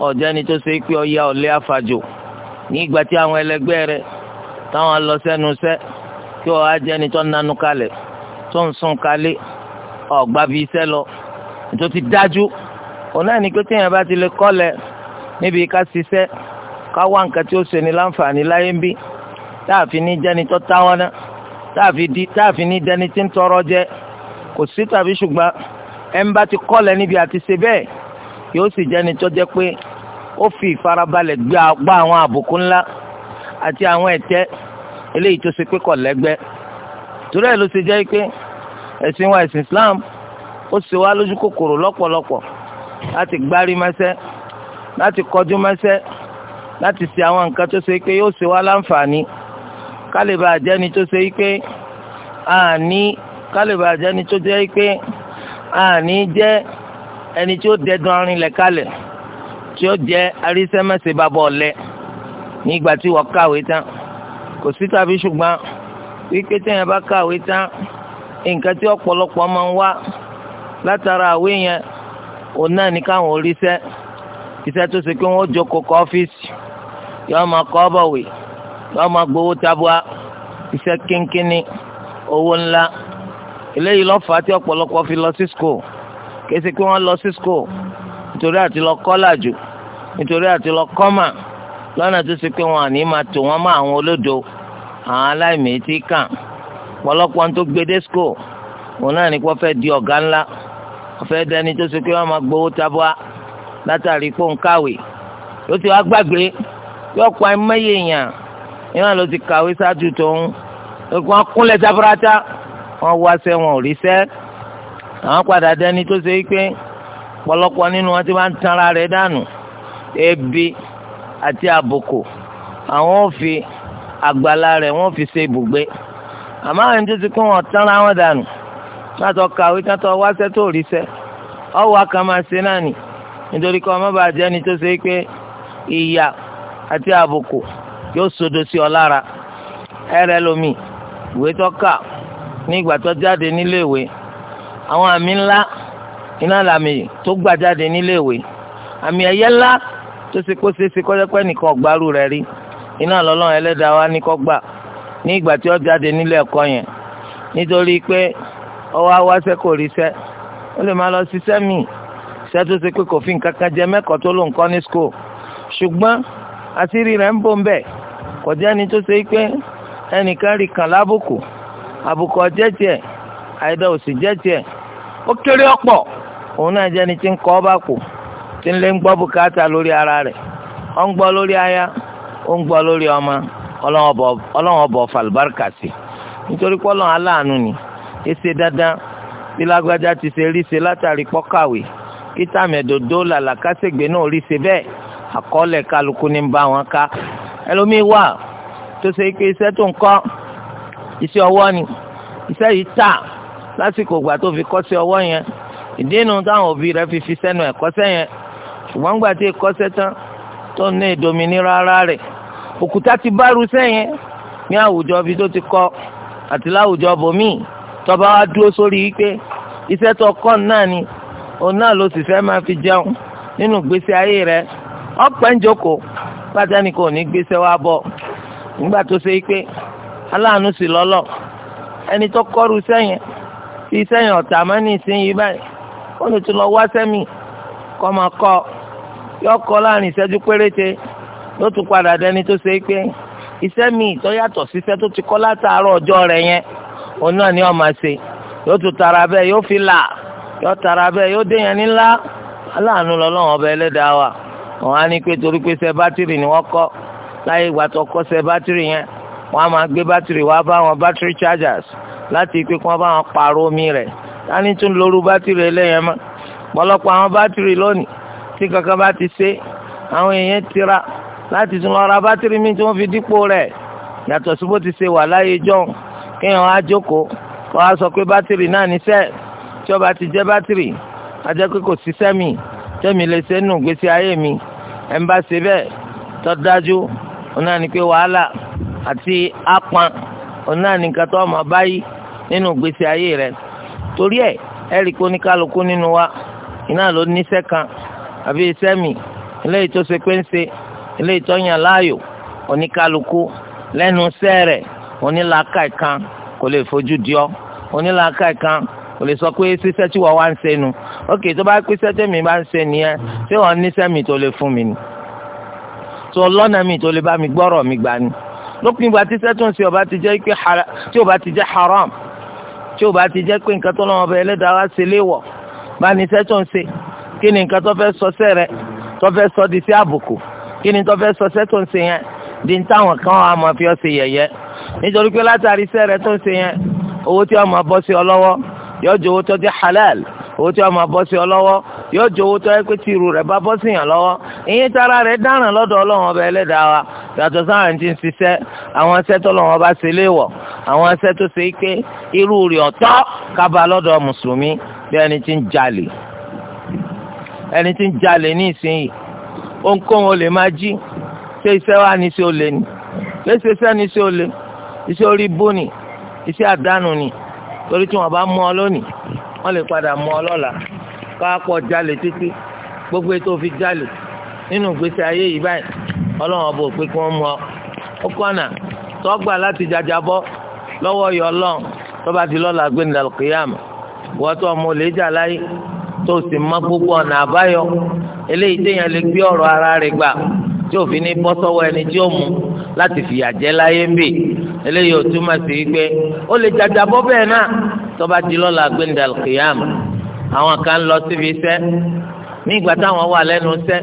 ọ̀jẹ́ ni tó ṣe pé ọya ọ̀lẹ afàjò ní ìgbà tí àwọn ẹlẹgbẹ́ rẹ táwọn lọ sẹ́nu sẹ́ kí ọ̀ á jẹ́ni tó nanú kalẹ̀ tó ń sún kalẹ̀ ọ̀gbà bí iṣẹ́ lọ tó ti dájú òun náà ní pé téèyàn bá ti lè kọ́lẹ̀ níbi ká ṣiṣẹ́ ká wá nǹkan tí ó ṣe ní láǹfààní láyé ń bí táàfin ní jẹ́ni tó táwọn náà táàfin ní jẹ́ni tí ń tọrọ jẹ kò sí tàbí ṣùgbọ́n ẹ̀ bá ti kọ́lẹ̀ níbi àti ṣe bẹ́ẹ̀ yóò sì jẹ́ni tó jẹ́ pé ó fi ìfarabalẹ̀ gbá àwọn àbùkù ńlá àti àwọn ẹ̀tẹ́ eléyìí tó ṣe pé kò lẹ́gbẹ́ torí ẹ̀ ló ṣe jẹ́ pé ẹ̀sìn wa ẹ̀sìn Islam ó ṣe wá lójú kòkòrò lọ́pọ̀lọpọ̀ láti gbárí mẹ́sẹ́ láti kọjú mẹ́sẹ́ láti ṣe àwọn nǹkan tó ṣe pé yóò ṣe wá láǹfààní kálíbà àjẹni tó ṣe pé àní kálíbà àjẹni tó jẹ́ pé àní jẹ́ ẹni tí ó dẹdun arin lẹ kalẹ̀ tí ó jẹ arísẹmẹsẹ bàbá ọ̀lẹ nígbà tí wọ́n kàwé tán kò sí tàbí ṣùgbọ́n wípé téèyàn bá kàwé tán nǹkan tí ọ̀pọ̀lọpọ̀ máa ń wá látara àwé yẹn òun náà ní káwọn oríṣẹ́ iṣẹ́ tó ṣe pé wọ́n jókòó kọ́ ọ́fíìsì yọ́ọ́ máa kọ́ bọ̀wé yọ́ọ́ máa gbowó tabua iṣẹ́ kínkínní owó ńlá eléyìí ló tí ọ̀pọ̀lọpọ̀ fi lọ sí school kése pé wọ́n lọ sí school nítorí àti lọ kọ́làjù nítorí àti lọ kọ́mà lọ́nà tó ṣe pé wọn àní máa tò wọ́n mọ́ àwọn olódo àwọn aláìmẹ̀tì kàn pọ̀lọpọ̀ tó gbédé school òun náà ní kó fẹ́ di ọ̀gá ńlá ọ̀fẹ́ dẹni tó ṣe pé wọ́n máa gbowó tabua látàrí pé òun kàwé ló ti wá gbàgbé yóò pa ẹmẹ́yẹ èèyàn ìwọ̀n ló ti kàwé ṣáájú tòun ó kún akúnlẹ̀ tabarata wọ́n wá sẹ́wọ̀n òrìṣẹ́ àwọn padà dẹni tó ṣe pé pọ̀lọpọ̀ nínú wọn ti máa ń tanra rẹ̀ dànù ebi àti àbùkù àwọn ò fi àgbàlá rẹ̀ wọ́n fi ṣe ibùgbé àmọ́ àwọn ẹni tó ti kún wọn tanra wọn dànù látọ̀ kàwé tátọ̀ wáṣẹ́ tó ríṣẹ́ ọwọ́ àkàmà ṣe náà nì nítorí kọ́ ọmọ bàá jẹ́ni tó ṣe pé ìyà àti àbùkù yóò sodo sí ọ lára ẹ̀rẹ́ lomi ìwé tó kà ní ìgbà tó jáde níléèwé àwọn àmì ńlá iná làmì tó gbà jáde níléèwé àmì ẹ̀yẹ ńlá tó ṣe kó ṣe ṣe kọ́jọ́pẹ́ nìkan ọ̀gbárù rẹ̀ rí iná lọ́lọ́run ẹlẹ́dàá wa ní kọ́ gbà ní ìgbà tí ó jáde nílé ẹ̀kọ́ yẹn nítorí pé ọwọ́ awáṣẹ́ kò ríṣẹ́ ó lè máa lọ ṣiṣẹ́ míì iṣẹ́ tó ṣe pé kò fi nǹkan kan jẹ mẹ́kọ̀ọ́ tó ló ń kọ́ ní school ṣùgbọ́n àṣírí rẹ̀ ń bò ń bẹ̀ kò tó ṣe pé ẹnìkan rí lábùkù àbùkù ọ̀jẹ̀jẹ̀ àìdá òsì jẹ́ tiẹ̀ ó kéré ọ̀pọ̀ òun náà jẹ́ ni tí ń kọ́ bá kù tí ń lé ń gbọ́ bùkátà lórí ara rẹ̀ ó ń gbọ́ lórí aya ó ń gbọ́ lórí ọmọ ọlọ́wọ́n bọ̀ fàlùbáríkà sí nítorí pọ́lọ́ aláàánú ni èsè dandan bí lágbájá ti ṣe rí ṣe látàrí pọ́kàwé kí tàmẹ̀dòdó làlàkàṣègbè náà rí ṣe bẹ́ẹ̀ àkọọ́lẹ̀ kálukú ní bá wọn ká ẹlòmíín wà tó ṣe pé iṣẹ́ tó ń kọ́ iṣẹ́ ọwọ́ ni iṣẹ́ yìí tà lásìkò ìgbà tó fi kọ́sẹ́ ọwọ́ yẹn ìdínú táwọn òbí rẹ fi fi sẹ́nu ẹ̀kọ́sẹ́ yẹn ṣùgbọ́n gbà tí ìkọ́sẹ́ tán tó ní ìdominira ara rẹ̀ òkúta ti bárú sẹ́yìn ní àwùjọ bí tó ti kọ́ àti láwùjọ tọba wa dúró sórí wípé iṣẹ́ tó kọ́ náà ni òun náà ló sì fẹ́ fi jẹun nínú gbèsè ayé ọ̀pẹ́ ń jókòó pátá ni kò wa bọ̀ nígbà tó ṣe wípé aláàánú sì lọ́lọ́ ẹni tó t'i yẹn ọ̀tá máa ní ìsinyìí báyìí ó lè tún lọ wá sẹ́mi kọ́ máa kọ́ yọ kọ́ láàrin ìṣẹ́jú péréte ló tún padà dẹni tó ṣe é pé iṣẹ́ mi ìtọ́ yàtọ̀ síṣẹ́ tó ti kọ́ látàárọ̀ ọjọ́ rẹ̀ yẹn òun náà ni ó máa ṣe yóò tún tara bẹ́ẹ̀ yóò fi là yóò tara bẹ́ẹ̀ yóò dé yẹn aláàánú ọba ẹlẹ́dàá wa wọ́n á ní pé torí pé ṣe bátìrì ni wọ́n kọ́ láyé ìgbà tó gbé bátìrì wá bá wọn bátìrì chargers láti pé kí wọ́n bá wọn pààrọ̀ omi rẹ̀ tani tún lóru bátìrì ẹlẹ́yẹn mọ́ pọ̀lọpọ̀ àwọn bátìrì lónìí tí kankan bá ti ṣe àwọn èèyàn tira láti tún lọ ra bátìrì mi tí wọ́n fi dípò rẹ̀ yàtọ̀ sí bó ti ṣe wà láyé jọ́un kéèyàn á jókòó kó a sọ pé bátìrì náà níṣẹ́ tí ó bá ti jẹ́ bátìrì a jẹ́ pé kò ṣiṣẹ́ mi tẹ́mi lè ṣe nù gbèsè ayé mi ẹ̀ ń bá ṣe bẹ́ẹ̀ tó dájú ọ̀nà ni pé wàhálà àti ápọn òun náà nìkan tó ọmọ báyìí nínú ìgbésí ayé rẹ torí ẹ ẹrí kó ní kálukú nínú wa iná ló níṣẹ́ kan àbí iṣẹ́ mi eléyìí tó ṣe pé ń ṣe eléyìí tó yàn láàyò oníkálukú lẹ́nu iṣẹ́ rẹ̀ onílàákà kan kò lè fojú di ọ́ onílàákà kan kò lè sọ pé ṣíṣẹ́ tí wọ́n wá ń ṣe nu ókè tó bá pèsè tèmi bá ń ṣe nìyẹn tí wọ́n níṣẹ́ mi tó lè fún mi ni tó lọ́nà mi tó lè bá mi gbọ́rọ̀ mi gbà lópin ìgbà tí sẹ́tùn sí ọba ti jẹ́ pé tí ọba ti jẹ́ haram tí ọba ti jẹ́ pé nǹkan tó lọ́wọ́ ọba ẹlẹ́dàá wá sí léwọ̀ bá ní sẹ́tùn sí kí ni nǹkan tó fẹ́ sọ sẹ́ rẹ tó fẹ́ sọ di sí àbùkù kí ni tó fẹ́ sọ sẹ́tùn sí yẹn di ní táwọn kan á mọ̀ fi ọ́ sí yẹ̀yẹ́ nítorí pé látàrí sẹ́ tó ń sí yẹn owó tí wọ́n mọ̀ bọ́ sí ọ lọ́wọ́ yọjú halal owó tí wọ́n máa bọ́ sí ọ lọ́wọ́ yóò jẹ́ owó tó yẹ pé tìrù rẹ̀ bá bọ́ sí yàn lọ́wọ́ ìyẹn tara rẹ̀ dáràn lọ́dọ̀ ọlọ́run ọba ẹlẹ́dàá wa yàtọ̀ sáwọn ti ń ṣiṣẹ́ àwọn iṣẹ́ tó lọ́wọ́ bá ṣe léèwọ̀ àwọn iṣẹ́ tó ṣe pé irú rẹ̀ ọ̀tọ̀ kábà lọ́dọ̀ mùsùlùmí bí ẹni tí ń jalè ẹni tí ń jalè ní ìsinyìí ohunkóhun olè máa jí ṣé iṣẹ́ wa ní iṣẹ́ olè ni léṣe iṣẹ́ ní iṣẹ́ olè iṣẹ́ orí bó ni iṣẹ́ wọ́n lè padà mọ ọlọ́la káàpọ̀ jalè títí gbogbo ètò òfin jalè nínú gbèsè ayé yìí báyìí ọlọ́run ọba òpin kí wọ́n mú ọ. ó kọ́nà tọ́gbà láti jajabọ́ lọ́wọ́ yọ ọlọ́run bá di lọ́la gbé nílẹ̀ wọ́n tó ọmọ gbogbo ọ̀nà àbáyọ eléyìí téèyàn lè gbé ara rẹ̀ tí òfin ní bọ́ sọ́wọ́ ẹni tí ó mú láti fìyà jẹ láyé ń bì eléyìí ò túmọ̀ sí pé ó lè jàjà bọ́ bẹ́ẹ̀ náà tó bá di lọ́la gbẹ̀ndà kìyàm àwọn kan lọ síbi iṣẹ́ ní ìgbà táwọn wà lẹ́nu iṣẹ́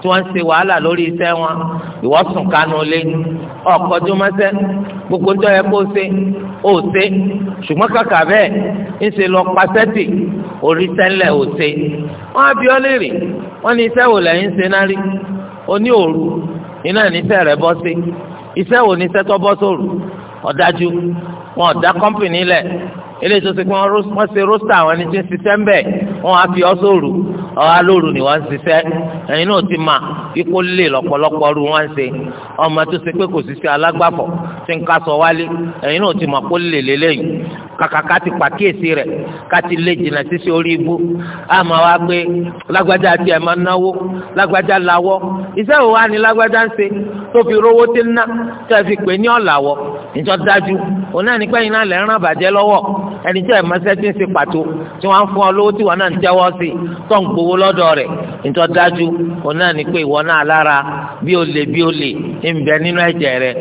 tí wọ́n ń ṣe wàhálà lórí iṣẹ́ wọn ìwọ sùn kánú lé ọ̀kọ́jú mọ́sẹ́ gbogbo ńjọ́ yẹ kó ṣe ó ṣe ṣùgbọ́n kàkà bẹ́ẹ̀ ńṣe lọ pàṣẹ́tì orí sẹ́ńlẹ̀ ò ṣe wọ́n á bí ọ́ lè rìn wọ́n ní iṣẹ́ wò lẹ́yìn ṣe náà rí oní òru iná níṣẹ́ rẹ̀ bọ́ sí iṣẹ́ wo níṣẹ́ tó bọ́ sóru ọ̀dájú wọn ọ̀dá kọ́mpìnì lẹ̀ eléyìí tó ti pé wọ́n ṣe rósítà àwọn ẹni tí ń ṣiṣẹ́ ń bẹ̀ wọn á fi ọ sóòrù ọ̀há lóru ni wọ́n ń ṣiṣẹ́ ẹ̀yin náà ti mà ikú lè lọ́pọ̀lọpọ̀ ru wọ́n ń ṣe ọmọ tó ṣe pé kò ṣiṣẹ́ alágbàfọ̀ tí ń kásọ wálé ẹ̀yin náà ti mà kó lè lélẹ́yìn kàkàkà ti pàkíyèsí rẹ̀ ká ti lè jìnnà síṣẹ́ orí ibú àmọ́ wa gbé lágbájá tiẹ̀ máa ń náwó lágbájá lawọ́ iṣẹ́ wo wá ni lágbájá ń ṣe tó fi rówó tí ń ná tẹ́ fi pè ní ọ̀làwọ́ ìjọ dájú òun náà nípa ẹ̀yin náà lẹ́ bàjẹ́ lọ́wọ́ ẹni tí ẹ̀ máa ti ń ṣe pàtó tí wọ́n á fún ọ lówó tí wọ́n náà ń tẹ́wọ́ sí tó ń gbowó lọ́dọ̀ rẹ̀ nítorí dájú òun náà ní pé ìwọ náà lára bí ó lè bí ó lè ń bẹ nínú ẹ̀jẹ̀ rẹ̀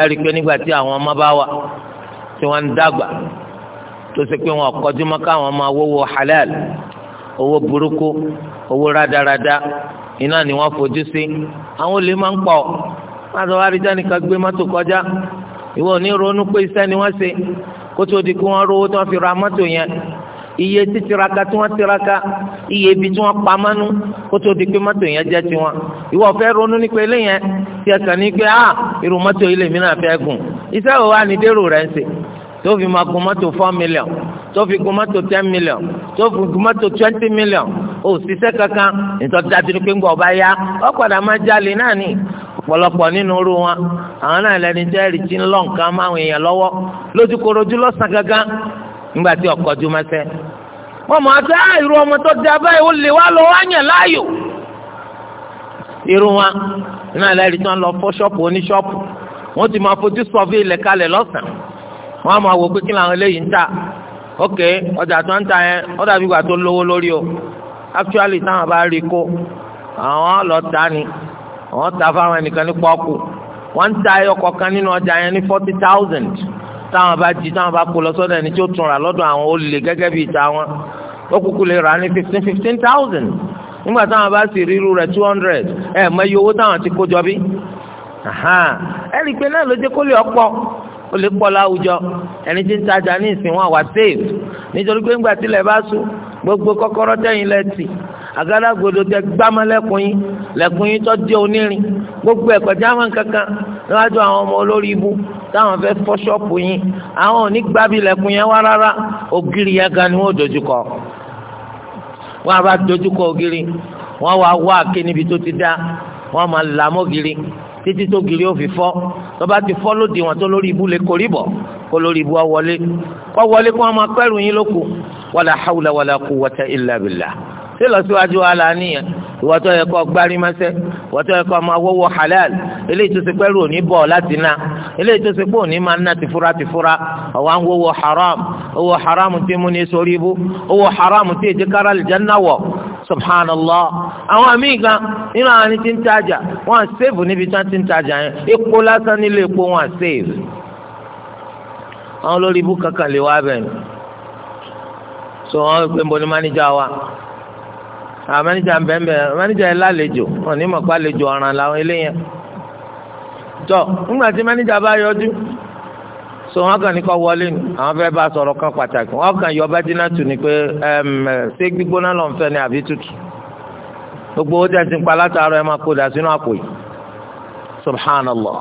ẹ rí i pé nígbà tí àwọn ọmọ bá wà tí wọ́n ń dàgbà tó ṣe pé wọn kọjú mọ́ káwọn máa wówó halal owó burúkú owó rádaràda iná ni wọ́n fojú sí àwọn olè máa ń pọ̀ láti wá rí jáníkan gbé mọ́tò kọjá ìwọ ò ní ronú pé iṣẹ́ ni wọ́n ṣe kó tó di kí wọ́n rówó tó fi ra mọ́tò yẹn iye títiraka tí wọ́n tiraka iye ibi tí wọ́n pamánú kó tó di pé mọ́tò yẹn jẹ́ tiwọn ìwọ fẹ́ ronú nípa eléyẹn tí ẹ kàn ní pé ah irú mọ́tò ilé mi náà fẹ́ gùn iṣẹ́ wo wá ní dérò rẹ̀ ń tó fi ten million tó fi gun twenty million kankan nítorí dájú ni pé ń gbọ́ ọba ọ padà máa jalè náà ni nínú wọn àwọn náà lẹni ńlọ nǹkan máa ń wọ́n mọ̀ àti ah, àìrú ọmọ tó da báyìí ó lè wá lọ wá yàn láàyò. irun wa náà lẹ́rìí tán lọ fọ́ ṣọ́ọ̀pù oníṣọ́ọ̀pù wọ́n ti máa fojú sọ́ọ̀fì ilẹ̀ kalẹ̀ lọ́sàn-án wọ́n á máa wò pé kí làwọn eléyìí ń ta ok ọjà tó ń ta yẹn ó dàbí ìgbà tó lówó lórí o actually táwọn bá rí kó àwọn lọ ta ni àwọn ta fáwọn ẹnìkan ní pọ́ọ̀kù wọ́n ń ta ẹyọ kọ̀ọ̀kan nínú ọjà yẹn ní forty thousand táwọn bá jí táwọn bá kó lọ sọ́dọ̀ ẹni tí ó tún rà lọ́dọ̀ àwọn olè gẹ́gẹ́ bíi tàwọn ó kúkú lè rà ní fifteen fifteen thousand nígbà táwọn bá sì ríru rẹ̀ two hundred ẹ̀ mọ iye owó táwọn ti kó jọ bí. ẹ rí i pé náà ló jẹ́ kó lè ọ̀pọ̀ ó lè pọ̀ láwùjọ ẹni tí ń tajà ní ìsìn wọn wà safe nítorí pé ńgbà tilẹ̀ bá sùn gbogbo kọ́kọ́rọ́ tẹ̀yìn lẹ tì àgádágodo tẹ gbámọ́lẹ́kùn yín lẹ́kùn yín tó di onírin gbogbo ẹ̀kọ́ jáwọn kankan níwájú àwọn ọmọ olórí ibú táwọn fẹ́ fọ́ ṣọ́ọ̀pù yín àwọn ò gbábí lẹ́kùn yẹn wá rárá ògiri yẹn gan ni wọ́n dojúkọ wọ́n á bá dojúkọ ògiri wọ́n wá wá kí níbi tó ti dá wọ́n máa làmọ́giri títí tó giri ó fi fọ́ tó bá ti fọ́ lóde wọn tó lórí ibú lè korí bọ̀ kó lórí ibú ọwọlé kó wọlé kó wọn máa pẹ́rù yín lóko wàlà hàwùlà wàlà quwwata illa billah ṣé lọ́síwájú wa là níyẹn ìwọ́tọ̀ yẹ kọ́ gbárí mẹ́sẹ́ ìwọ́tọ̀ yẹ kọ́ máa wọ́wọ́ halal eléyìí tó ṣe pẹ́rù òní bọ̀ láti ná eléyìí tó ṣe pé òní máa ná tìfura tìfura ọ̀wá ń wọ́wọ́ haram owó haram tí mú ní sórí ibú owó haram tí èjì kára lè jẹ́ náwọ̀ subhanallah àwọn míì gan nínú àwọn ẹni tí ń tajà wọn à sèèfù níbi tí wọn ti ń tajà yẹn epo lásán nílé epo wọn à sèèfù àwọn olórí ibú kankan lè wá bẹ́ẹ̀ ni so wọn pe mbọ ni mánéjà wa àwọn mánéjà ń bẹ́ẹ̀ bẹ́ẹ̀ mánéjà yẹn lálejò wọn ní mọ̀ pé àlejò ọ̀ràn làwọn eléyẹn tọ́ nígbà tí mánéjà bá yọjú. so wọn kàn ní kọ wọlé ni àwọn fẹẹ bá sọ̀rọ̀ kan pàtàkì wọn kàn yọ bátínà tù ní pé ṣé gbígbóná lọ ń ni àbí tútù gbogbo owó tẹ̀sí pa látàárọ ẹ máa kó dà sínú àpò yìí subhanallah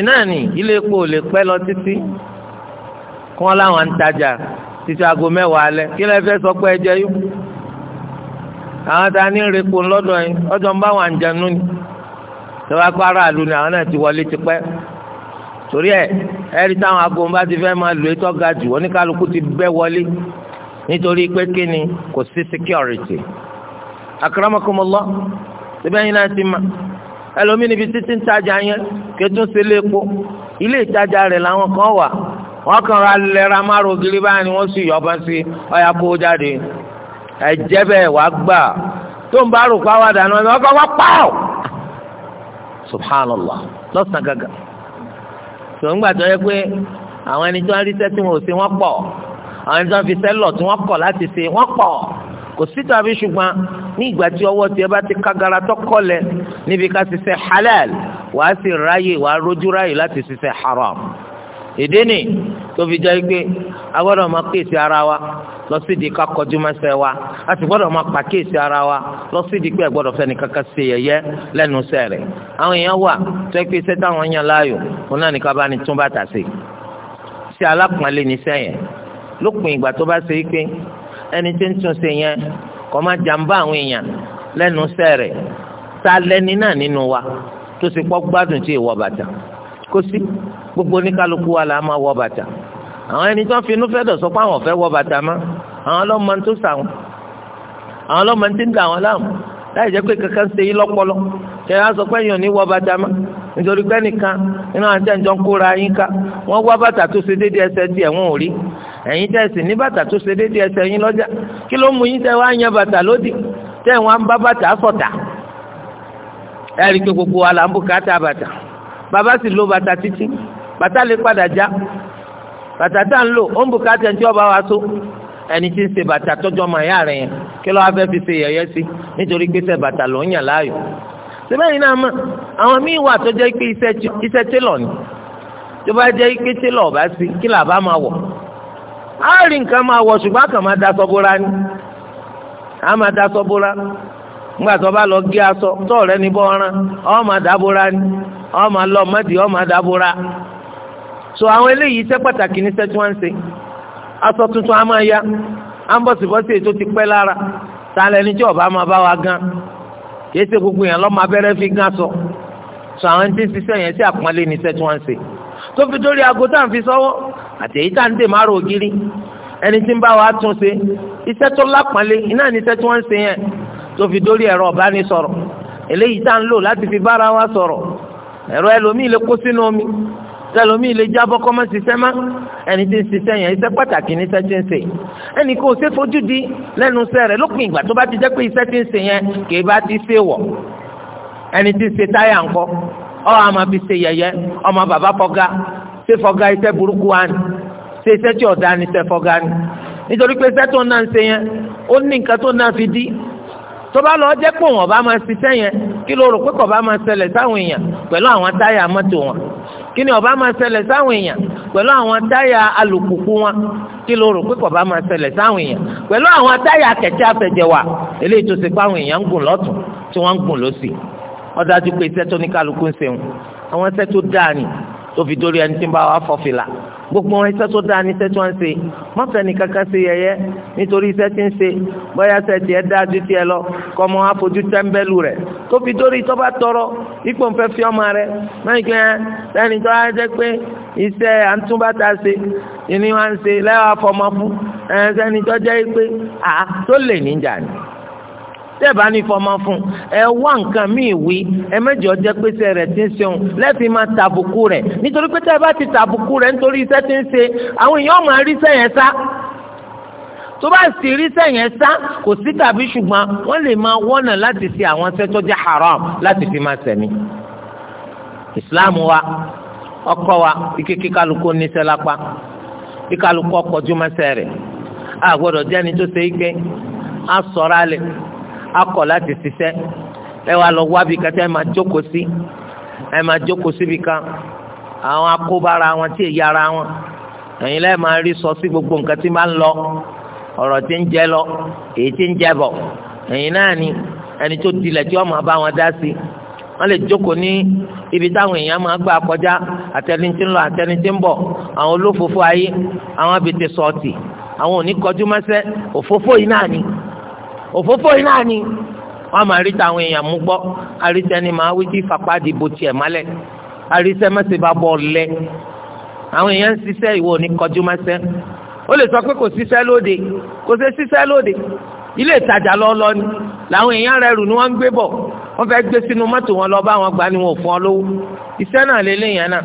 iná ni ilé epo ò lè pẹ́ lọ títí kí wọ́n láwọn ń tajà títí aago mẹ́wàá alẹ́ kí lẹ́ fẹ́ sọ pé ẹ jẹ́ yó àwọn tá a ní yìí ń bá wọn ni tọ́wọ́ akọ́ aráàlú ni àwọn náà ti wọlé torí ẹ ẹrí táwọn agbóhùn bá ti fẹ́ máa lu ètò ọ̀gá jù oníkálukú ti bẹ́ wọlé nítorí pé kí ni kò sí security akramakumullah síbẹ̀ yín náà ti ma ẹlòmíì níbi títí ń tajà yẹn kẹtún sí ilé epo ilé ìtajà rẹ̀ làwọn kan wà wọn kàn ra lẹ́ra márùn ògiri báyìí ni wọ́n sì yọba sí ọyà kó jáde ẹ̀jẹ̀ bẹ́ẹ̀ wàá gbà tó ń bá rò pàwọ́ àdánù ọ̀sán wọ́n pààwọ̀ subhanallah lọ́sàn-án gàgà tó ń gbà tó yẹ pé àwọn ẹni tó ń rí sẹ́tì wọn ò sí wọ́n pọ̀ àwọn ẹni tó ń fi sẹ́lọ̀ tí wọ́n kọ̀ láti ṣe wọ́n pọ̀ kò sí tàbí ṣùgbọ́n ní ìgbà tí ọwọ́ tiẹ̀ bá ti kágara tọ́kọ́lẹ̀ níbi ká ṣiṣẹ́ halal wàá sì ráyè wàá rójú ráyè láti ṣiṣẹ́ haram. èdè ni tó fi jẹ́ pé a gbọ́dọ̀ máa ara wa lọ sí wa a sì gbọ́dọ̀ máa ara wa lọ di pé gbọ́dọ̀ fẹ́ni kankan ṣe yẹ̀yẹ́ lẹ́nu iṣẹ́ rẹ̀ àwọn èèyàn wà tó yẹ pé iṣẹ́ táwọn yàn láàyò òun náà ní ká bá ní tún sí ní lópin ìgbà tó bá ta lẹ́ni náà wa tó pọ́ gbádùn kó sí gbogbo oníkálukú wa là á máa wọ bàtà àwọn ẹni tó ń finú fẹ́ dọ̀ sọ pé àwọn fẹ́ wọ bàtà mọ́ àwọn ọlọ́mọ tó sà wọn àwọn ọlọ́mọ tí ń dà wọn láàmú láì jẹ́ pé kankan ṣe yí lọ́pọlọ ṣe á sọ pé èèyàn ní wọ bàtà mọ́ nítorí pé nìkan nínú àti ẹ̀jọ̀ ń kóra yín ká wọ́n wá bàtà tó ṣe déédéé ẹsẹ̀ tiẹ̀ wọn ò rí ẹ̀yin tẹ́ sì ní bàtà tó ṣe déédéé ẹsẹ̀ yín lọ́jà kí ló mú yín tẹ́ wá yan bàtà lódì tẹ́ wọn á ń bá bàtà sọ̀tà ẹ̀rí pé gbogbo wa là ń bùkátà bàtà bàbá sì lo bàtà títí bàtà lè padà já bàtà tá ń lò ó ń bùkátà ẹni tí ọba wa so ẹni tí ń ṣe bàtà tọjọ ọmọ ẹyà rẹ yẹn kí ló wá fẹ́ fi ṣe yẹ̀yẹ́ sí nítorí pé sẹ́ bàtà ló ń yàn láàyò sẹ́bẹ̀yìn náà mọ̀ àwọn míì wà tó jẹ́ pé iṣẹ́ télọ̀ ni tó bá jẹ́ pé télọ̀ bá sí kí là bá máa wọ̀ á rí nǹkan máa wọ̀ ṣùgbọ́n àkàn máa da sọ́bóra ni á máa da sọ́bóra ńgbà tó bá lọ gé aṣọ tó rẹ ní bọ́ ọ̀ràn ọmọ àdàbòrà ni ọmọ lọ mọ́tì ọmọ àdàbòrà so àwọn eléyìí iṣẹ́ pàtàkì ní sẹ́tí wọ́n ń ṣe aṣọ tuntun a máa ya à ń bọ̀sibọ́sì ètò ti pẹ́ lára ta lẹni tí ọba máa bá wa gan kìí ṣe gbogbo yẹn lọ́mọ abẹ́rẹ́ fi gán sọ so àwọn tí ń ṣiṣẹ́ yẹn sí àpọ́nlé ní sẹ́tí wọ́n ń ṣe tó fi dórí aago tá à ń fi sọ́wọ́ àti èyí tá à ń dè márùn ògiri ẹni tí ń bá wa tún ṣe iṣẹ́ tó lápọ́nlé iná ní sẹ́tí wọ́n ń ṣe yẹn tó fi dórí ẹ̀rọ ọ̀bánisọ̀rọ̀ eléyìí tá ń lò láti fi bára wa sọ̀rọ̀ ẹ̀rọ ẹlòmíì lè kó sínú omi ẹlòmíì lè jábọ́ kọ́ mọ́ ṣiṣẹ́ mọ́ ẹni tí ń ṣiṣẹ́ yẹn iṣẹ́ pàtàkì ní iṣẹ́ tí ń ṣe ẹnì kò ṣe fojú di lẹ́nu iṣẹ́ rẹ̀ lópin ìgbà tó bá ti jẹ́ pé iṣẹ́ tí ń ṣe yẹn kì í bá ti ṣe wọ̀ ẹni tí ń ṣe táyà ńkọ́ ọ àmọ́ fi ṣe yẹ̀yẹ́ ọmọ bàbá fọgá ṣé fọgá iṣẹ́ burúkú wa ni ṣé iṣẹ́ tí ọ̀dà ni iṣẹ́ fọgá ni nítorí pé iṣẹ́ tó náà ń ṣe yẹn ó ní nǹkan tó náà fi dí tó bá lọ jẹ́ pé wọn bá máa ṣiṣẹ́ yẹn kí ló rò pé kò bá máa ṣẹlẹ̀ sáwọn èèyàn pẹ̀lú àwọn táyà mọ́tò wọn kí ni ó bá máa ṣẹlẹ̀ sáwọn èèyàn pẹ̀lú àwọn táyà alùpùpù wọn kí ló rò pé kò bá máa ṣẹlẹ̀ sáwọn èèyàn pẹ̀lú àwọn táyà kẹ̀kẹ́ afẹjẹwà eléyìí tó ṣe pé àwọn èèyàn ń gùn lọ́tún tí wọ́n ń gùn lọ́sì wọ́n pé iṣẹ́ tó ní kálukú ń ṣeun àwọn iṣẹ́ tó dáa ni tó fi dórí ẹni tí ń bá wa fọ́ fìlà gbogbo wọn iṣẹ́ tó dáa ní iṣẹ́ tí wọ́n ń ṣe má fẹ́ ní kankan ṣe yẹ̀yẹ́ nítorí iṣẹ́ tí ń ṣe bóyá iṣẹ́ tiẹ̀ dáa ju tiẹ̀ lọ kọ́ ọmọ afojú tẹ́ḿbẹ́lú rẹ̀ tó fi dórí tó bá tọrọ ipò ń fẹ́ fi ọmọ rẹ̀ lẹ́yìn pé lẹ́yìn tó wá jẹ́ pé iṣẹ́ àtúbàtà ṣe ìní wa ń ṣe lẹ́wọ̀ afọmọ fún tó jẹ́ pé à tó lè níjà ni. tẹ́ẹ̀bá ní fọmọ fún ẹ wá nǹkan míì wí ẹ mẹ́jọ jẹ́ pèsè rẹ̀ ti ń ṣeun lẹ́ẹ̀fì máa tàbùkù rẹ̀ nítorí pé tẹ́ẹ̀bá ti tàbùkù rẹ̀ nítorí iṣẹ́ ti ń ṣe àwọn èèyàn máa rí sẹ́yìn sá tó bá sì rí sẹ́yìn sá kò sí tàbí ṣùgbọ́n wọ́n lè máa wọ́nà láti ṣe àwọn iṣẹ́ tó jẹ́ haram láti fi máa sẹ̀mí Islam wa ọkọ wa ike kíkálukú níṣẹ́ lápá kíkálukú ọkọ̀ jùmọ̀ sẹ́rẹ̀ àgbọ̀dọ̀ jẹ́ni tó ṣe é gbé á alẹ́ akọ̀ láti ṣiṣẹ́ ẹ wá lọ wábi kẹtẹ ẹ máa jokosi sí ma máa jókòó síbi kan àwọn akóbára wọn tí èyí ara wọn ma rí sọ sí gbogbo nǹkan tí máa ń lọ ọrọ tí ń jẹ lọ èyí tí ń jẹ bọ̀ ẹ̀yin náà ni ẹni tó dilẹ̀ tí wọ́n ma bá wọn dá lè ní ibi táwọn èèyàn máa gbà kọjá àtẹni tí ń lọ àtẹni tí ń àwọn ayé àwọn abètè àwọn òní kọjú òfófó yìí náà ni òfófó yìí náà ni wọn máa rí táwọn èèyàn mú gbọ́ àríṣẹ́ ni màá wí sí fapá dìbò tiẹ̀ mọ́lẹ̀ àríṣẹ́ mẹ́sẹ̀ bá bọ̀ lẹ̀ àwọn èèyàn ń ṣiṣẹ́ ìwọ ní kọjú mẹ́sẹ́ ó lè sọ pé kò ṣiṣẹ́ lóde kò ṣe ṣiṣẹ́ lóde ilé ìtajà lọ́lọ́ ni làwọn èèyàn rẹ rù ni wọ́n ń gbé bọ̀ wọ́n fẹ́ gbé sínú mọ́tò wọn lọ bá wọn gbà ni wọn ò fún ọ lówó iṣẹ́ náà lé léèyàn náà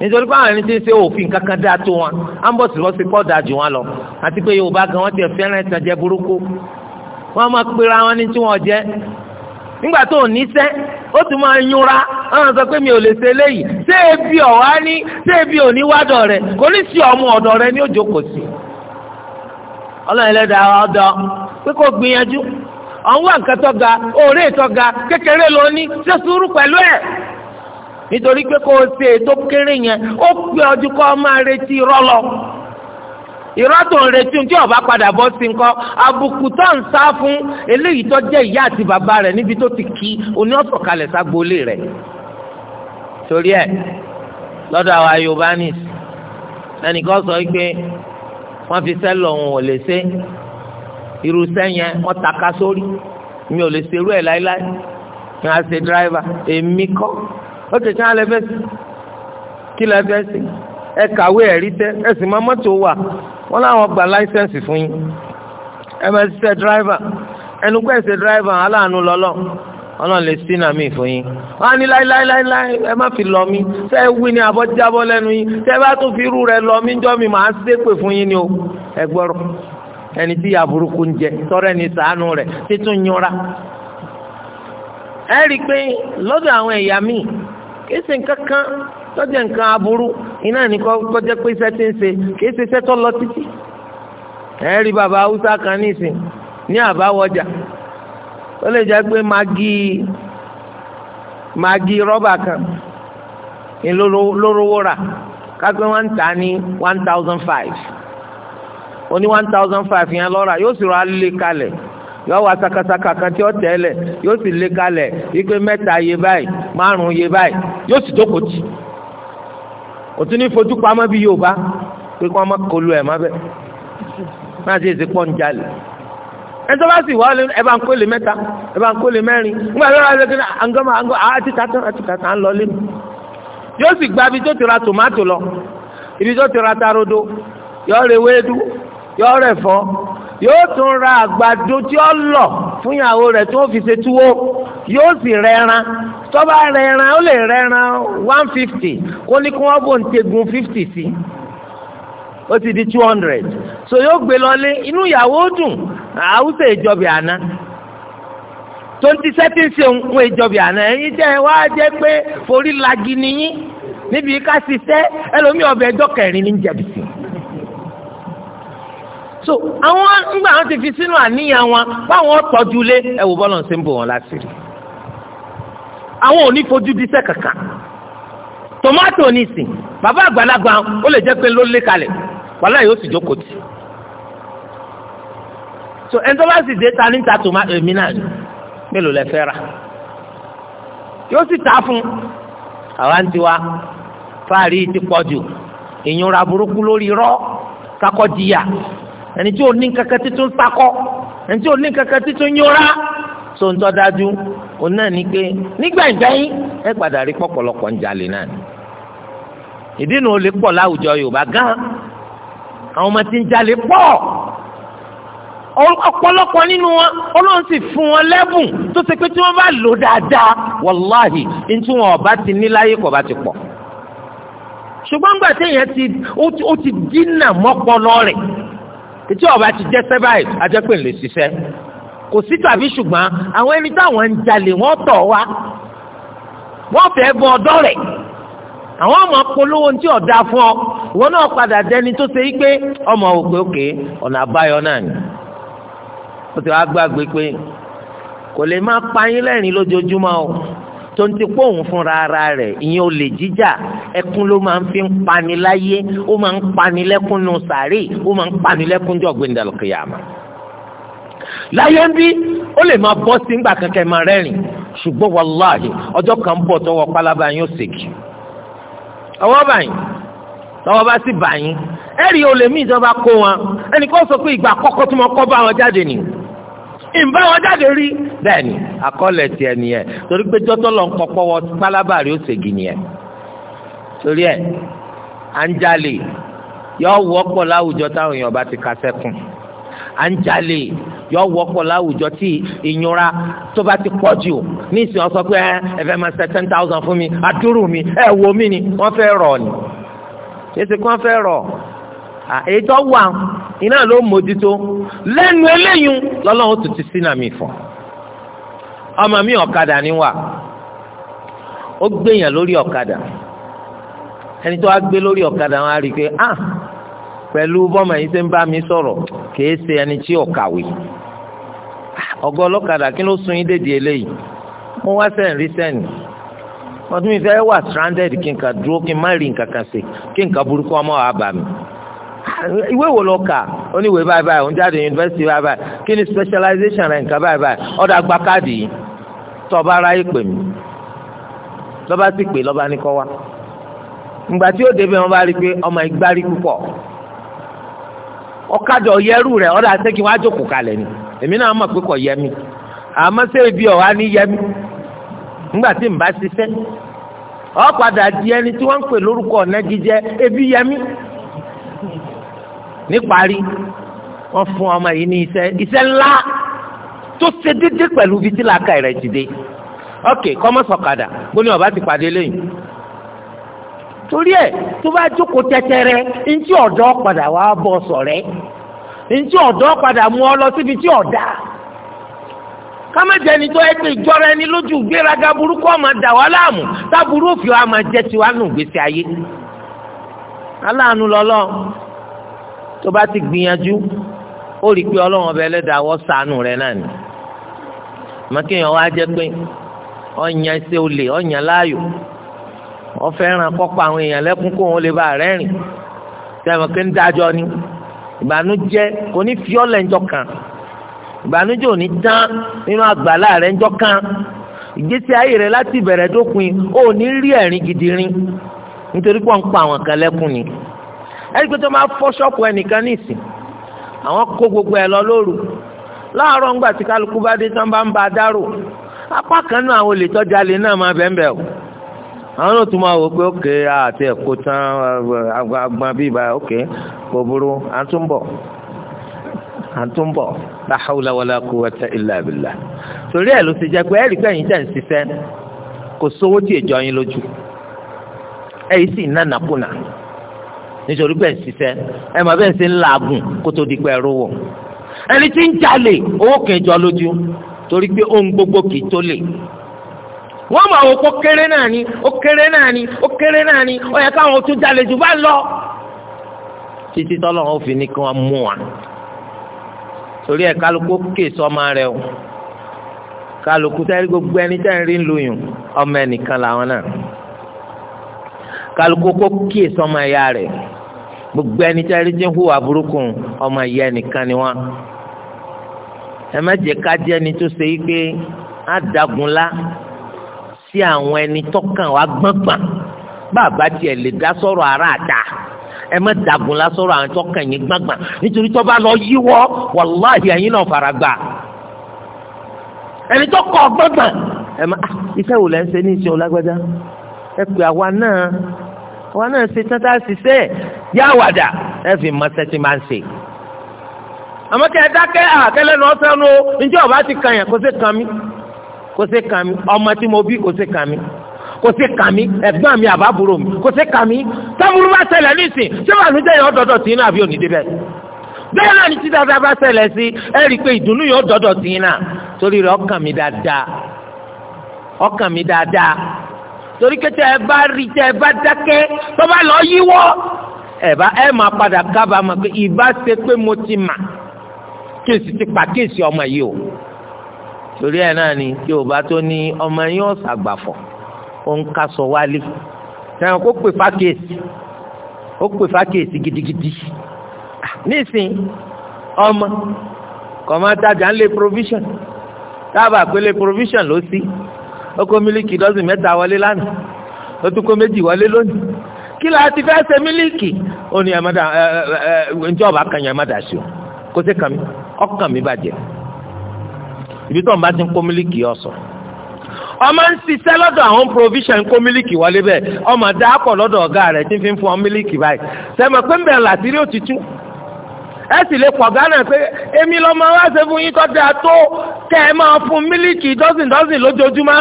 nítorí báwọn ẹni tí ń ṣe òfin kankan dáa tó wọn á ń sí lọ́sí jù wọn lọ àti pé Yorùbá gan wọ́n ti fẹ́ràn ìtajà burúkú wọ́n máa pera wọn ní tí wọ́n jẹ́ nígbà tó ò níṣẹ́ ó tún máa yúnra àwọn sọ pé mi ò lè ṣe eléyìí ṣé ebi ọ̀wá ni ṣé ebi ò ní rẹ kò ní sí ọmọ ọdọ rẹ ní òjò kò sí. ọlọ́run gbìyànjú nǹkan tó ga òòrè kékeré ló ní ṣé sùúrù nítorí pé kò ṣe ètò kéré yẹn ó pè ọdún kọ́ máa retí irọ́ tó ń retí tí ọba padà bọ́ sí nǹkan àbùkù tó ń sá fún eléyìí tó jẹ́ ìyá àti bàbá rẹ̀ níbi tó ti kí oní ọ̀sọ̀kalẹ̀ ságbólé rẹ̀ torí ẹ̀ lọ́dọ̀ àwa yorùbá ní ẹnìkan sọ pé wọ́n fi sẹ́lọ̀ òun ò lè ṣe irú sẹ́yìn wọ́n taka sórí mi ò lè ṣe irú ẹ̀ láéláé ní a ṣe dírẹ́fà èmi kọ́ ó ti tẹ́ alẹ́ fẹ́ sí kí lẹ́ fẹ́ sí. ẹ kàwé ẹ̀rí tẹ́ ẹ sì máa mọ́tò wà wọ́n láwọn gba láísẹ̀nsì fún yín ẹ máa ṣiṣẹ́ dírìvà ẹnu pẹ́ ṣe dírìvà aláàánú lọ́lọ́ ọlọ́run lè sí nàmí fún yín á ní ẹ má fi lọ mí tẹ́ ẹ wí ni àbọ̀ lẹ́nu yín tẹ́ ẹ bá tún fi irú rẹ lọ mí mi fún yín ni o ẹ gbọ́rọ̀ ẹni tí ìyá burúkú ń jẹ tọrẹ ní sàánú rẹ títún yanra ẹ rí i pé tọ́jà nǹkan aburú iná ní kọjá pé iṣẹ́ ti ń ṣe kìí ṣe iṣẹ́ tó lọ títí ẹ rí bàbá haúsá kan nísìn ní àbáwọjà ó lè jẹ́ pé magi magi rọ́bà kan lórówó rà kápẹ́ wọ́n ń tà ní one thousand five ó ní one thousand five yẹn lọ́ra yóò sì rà lé kalẹ̀ yóò wá sakasaka kan tí ó tẹ́lẹ̀ yóò sì lé kalẹ̀ wípé mẹ́ta yé báyìí márùn-ún yé báyìí yóò sì jókòó òtún ní fojú pamọ́ bí Yorùbá pé kí wọ́n má kọlu ẹ̀ má bẹ́ má ti èsì pọ́ ń jalè ẹjọ́ bá sì wá ẹ bá ń kó lè mẹ́ta ẹ bá ń kó lè mẹ́rin nígbà tó rà lẹ́gbẹ̀ẹ́ náà àǹgọ́mọ àǹgọ́ àti tàtàn àti tàtàn ń lọ lé mi yóò sì gba ibi tó ti ra tòmátò lọ ibi tó ti ra tarodo yọ rẹ wéédú yọ rẹ fọ yóò tún ra àgbàdo tí ó lọ fún ìyàwó rẹ̀ tí wọ́n fi ṣe túwó yóò sì rẹran tó bá rẹran ó lè rẹran one fifty kó ní kí wọ́n bò ń tegun fifty sí ó ti di two hundred so yóò gbé lọlé inú ìyàwó dùn àwùjọ ìjọba àná tó ń ti sẹ́tí ń ṣe òun ìjọba àná ẹ̀yin jẹ́ wá jẹ́ pé forí lagi nìyí níbi ká ṣiṣẹ́ ẹlòmíì ẹjọ́ kẹrin ní jẹ̀bìsì so àwọn ńgbà wọn ti fi sínú àníyàn wọn báwọn tọ́jú lé ẹ̀wù bọ́lọ̀ ṣe ń bò wọn láti rí àwọn ò ní fojú diṣẹ́ kankan tòmátò ní ìsìn bàbá àgbàlagbà ó lè jẹ́ pé ló lé kalẹ̀ wàhálà yóò sì jókòó tì so ẹni tó bá sì dé ta ní ta tòmátò èmi náà ni mélòó lẹ fẹ́ rà yóò sì ta fún àwa ń tiwa fáàrí ti pọ̀ jù ìyúnra burúkú lórí rọ́ kakọ́ jìyà ẹni tí ò ní kankan títún sakọ ẹni tí ò ní kankan títún yọra so ń tọ́dájú òun náà ní pé nígbà ìgbẹ́yìn ẹ padà rí pọ̀pọ̀lọpọ̀ ń jalè náà ìdí nu olè pọ̀ láwùjọ Yorùbá gan àwọn ọmọ tí ń jalè pọ̀ ọ̀pọ̀lọpọ̀ nínú wọn ọlọ́run sì fún wọn lẹ́bùn tó ṣe pé tí wọ́n bá lò dáadáa wàláhì ntí wọn ọba ti ní láyé kò bá ti pọ̀ ṣùgbọ́n gbà téèyàn ti ó ti dínà mọ́pọlọ rẹ̀ ètí ọba ti jẹ́ báyìí ajẹ́pẹ̀ lè ṣiṣẹ́ kò sí tàbí ṣùgbọ́n àwọn ẹni táwọn ń jalè wọ́n tọ̀ wa wọ́n fẹ́ bọ́ ọdọ́ rẹ̀ àwọn ọmọ polówó tí ọda fún ọ ìwọ náà padà dẹni tó ṣe pé ọmọ òkè òkè ọ̀nà àbáyọ náà ni ó ti wá gbàgbé pé kò lè má tó ń ti pòun fúnra ara rẹ̀ ìyẹn olè jíjà ẹkún ló máa ń fi ń pani láyé ó máa ń pani lẹ́kún nù sàárè ó máa ń pani lẹ́kún jọ gbẹndàlùkìyàmà láyé ń bí ó lè máa bọ́ sí ńgbà kankan máa rẹ́rìn ṣùgbọ́n wàláhì ọjọ́ kan bọ̀ tọwọ́ pálábá yín ṣèkì ọwọ́ báyìí tọwọ́ bá sì báyìí ẹ̀rí olè ìjọba kó wọn ẹnì ìbá wọn jáde rí. bẹ́ẹ̀ni àkọọ́lẹ̀ tiẹ̀ nìyẹn torí pé jọtọ lọ ń kọpọ wọ pálábà rí òṣègì nìyẹn torí ẹ anjali yọ wọ́pọ̀ láwùjọ táwọn èèyàn bá ti ka sẹkùn anjali yọ wọ́pọ̀ láwùjọ tí ìyúnra tó bá ti pọ̀ jù ní ìsìn ọsọ pé ẹ fẹ́ máa ṣe ten thousand fún mi àdúrú mi ẹ wo mí ni wọ́n fẹ́ rọ̀ ni èsì kan fẹ́ rọ̀ èyí tó wà iná ló mójútó lẹ́nu eléyìí lọ́lọ́run tó ti sínú àmì fún ọmọ mi ọ̀kadà ni wà ó gbéyàn lórí ọ̀kadà ẹni tó wá gbé lórí ọ̀kadà wọn á rí i pé ah pẹ̀lú bọ́mọ yìí ṣe ń bá mi sọ̀rọ̀ kìí ṣe ẹni tí ò kàwé ah, ọlọ́kadà kí ló sún yín dédìí eléyìí mo wá sẹ́yìn rí sẹ́yìn ọdún mi fẹ́ wà stranded kí n kà dúró kí n má rí nǹkan kan ṣe kí nǹkan burúkú ọmọ wa bà mí ìwé wo lọ kà ó báyìí báyìí jáde specialization rẹ̀ nǹkan báyìí báyìí ọ̀dọ̀ àgbà káàdì yìí tọba ara yìí pè mí lọ́ba sì pè lọ́ba ní kọ́ wa tí ó wọn bá rí i pé ọmọ ìgbárí púpọ̀ ọ̀kadà ọ̀yẹ́rù rẹ̀ ọ̀dọ̀ àtẹ́kí wọn á jókòó kalẹ̀ ni èmi náà mọ̀ pé kò yẹ mi àmọ́ ṣé ibi ọ̀há ní mi tí ń bá ṣiṣẹ́ ọ̀padà ẹni tí wọ́n ń pè lórúkọ ebi yẹ mi. níparí wọ́n fún ọmọ yìí ní iṣẹ́ iṣẹ́ ńlá tó ṣe déédéé pẹ̀lú ibi tí làákà rẹ̀ ti dé ok kọ́mọ́sọ̀kadà bó ni ọba ti padé lẹ́yìn torí ẹ̀ tó bá jókòó tẹ́tẹ́rẹ́ ntí ọ̀dọ́ padà wá bọ̀ sọ̀rẹ́ ntí ọ̀dọ́ padà mú ọ lọ síbi tí ọ̀dà kámẹ́jẹni tó ẹgbẹ́ ìjọra ẹni lójú gbéraga burúkú ọmọ dà wá láàmú táburú òfin wa máa jẹ tiwa nù gbèsè ayé aláàánú tó bá ti gbìyànjú ó rí i pé ọlọ́run ọba ẹlẹ́dàá wọ́n sànù rẹ náà ni màkìyàn wá jẹ́ pé ọ̀yàn ṣe olè ọ̀yàn láàyò wọ́n fẹ́ràn kọ́pọ̀ àwọn èèyàn lẹ́kún kó wọn lè bá rẹ́rìn sẹ́wọ̀n pé ń dájọ́ ni ìbànújẹ́ kò ní fi ọ́lẹ̀ ńjọ kan ìbànújẹ́ ò ní tán nínú àgbàlá rẹ̀ ńjọ kan ìgbésí ayé rẹ̀ láti ìbẹ̀rẹ̀ dópin ò ní rí ẹ̀rín gidi rín nítorí pé àwọn kan lẹ́kún ni ẹni pé tó máa fọ́ ṣọ́ọ̀pù ẹnìkan nísìn àwọn kó gbogbo ẹ̀ lọ lóru láàárọ̀ ńgbà tí kálukú bá dé tán bá ń ba dárò apá kan náà àwọn olè tọ́jà lè náà máa bẹ́ẹ̀ o àwọn náà tún máa wò pé ókè àti ẹ̀kọ́ tán agbọn bíi báyìí ókè kò burú torí ẹ̀ ló ti jẹ́ pé ń kò sówó tí nítorí bẹ́ẹ̀ ṣiṣẹ́ ẹ si bẹ́ẹ̀ ṣe ń làágùn kó tó di pẹ́ rówó ẹni tí ń jalè owó kẹjọ lójú torí pé ohun gbogbo kì í tó lè wọ́n mọ̀ àwọn kere kéré náà ni ó kéré náà ni ó kéré náà ni ó yẹ káwọn tún jalè jù bá lọ títí tọ́lọ́run fi ní kí wọ́n mú wa torí ẹ̀ kálukú kè sọ́mọ o kálukú sẹ́rí gbogbo ẹni tẹ́ ń rí lóyún ọmọ ẹnìkan làwọn náà kálukú kó kè sọ́mọ ẹ̀yà rẹ̀ gbogbo ẹni tí ẹni tí ń hùwà burúkú ọmọ ìyá ẹnìkan ni wọn ẹ má jẹ́ ká jẹ́ ẹni tó ṣe yí pé á dagun lá sí àwọn ẹni tọkàn wá gbọ́ngbà. bàbá tiẹ̀ lè dá sọ̀rọ̀ ara àta ẹ má dagun lá sọ̀rọ̀ àwọn tọkàn yín gbọ̀ngbọ̀n nítorí tó bá lọ yíwọ́ wàláhì ẹ̀yin náà fara gbà ẹni tó kọ̀ gbọ̀ngbọ̀n ẹ má ah, iṣẹ́ wò lẹ́ ń ṣe ní iṣẹ́ olágbájá ẹ pè àwa náà wọn náà ṣe tán tá a ṣiṣẹ́ yá wàdà ẹ fi mọ sẹ́tì máa ń ṣe. àmọ́ kí ẹ o ọba ti kàn yẹn kó ṣe kàn mí kó ṣe kàn mí ọmọ tí mo bí kó ṣe kàn mí kó ṣe kàn mí mi àbábúrò mi kó ṣe kàn mí sábúrú bá ṣẹlẹ̀ nísìn ṣé bàlújẹ́ yẹn ọ̀dọ̀dọ̀ tí náà bí òní débẹ̀ bẹ́ẹ̀ náà ni bá ṣẹlẹ̀ sí ẹ rí i pé ìdùnnú náà torí ọkàn mi dáadáa torí kẹtẹ ẹ bá rí tẹ ẹ bá dákẹ́ tó bá lọ yíwọ́ ẹ bá ẹ máa padà kábàámọ̀ pé ìbá ṣe pé mo ti mà kí èsì ti pàkíyèsí ọmọ yìí o torí ẹ náà ni yorùbá tó ní ọmọ yìí ó ṣàgbàfọ̀ ó ń kásọ wálé sẹ́wọ̀n kó pè fákèsì ó pè fákèsì gidigidi nísìn ọmọ kọ̀mọ́tàjà ń lé provision tábà pé lé provision ló sí ó kó mílíkì dọ́sìn mẹ́ta wọlé lánàá ó tún kó méjì wọlé lónìí kí la ti fẹ́ ṣe mílíkì ó ní ẹ̀mọ́dà ǹjẹ́ ọba kan yẹn ẹ̀mọ́dà sí o kó sí kàn mí ọkàn mi bàjẹ́ ibi tó ń bá ti ń kó mílíkì ọ̀sọ̀ ọmọ ń ṣiṣẹ́ lọ́dọ̀ àwọn provision kó mílíkì wọlé bẹ́ẹ̀ ọmọ dáàpọ̀ lọ́dọ̀ ọ̀gá rẹ̀ tí fi ń fún ọ mílíkì báyìí ẹ sì lè pọ̀ gánà pé èmi lọ́mọ wá fún yín tó dáa tó kẹ́ ẹ máa fún mílíkì dọ́sìn dọ́sìn lójoojúmọ́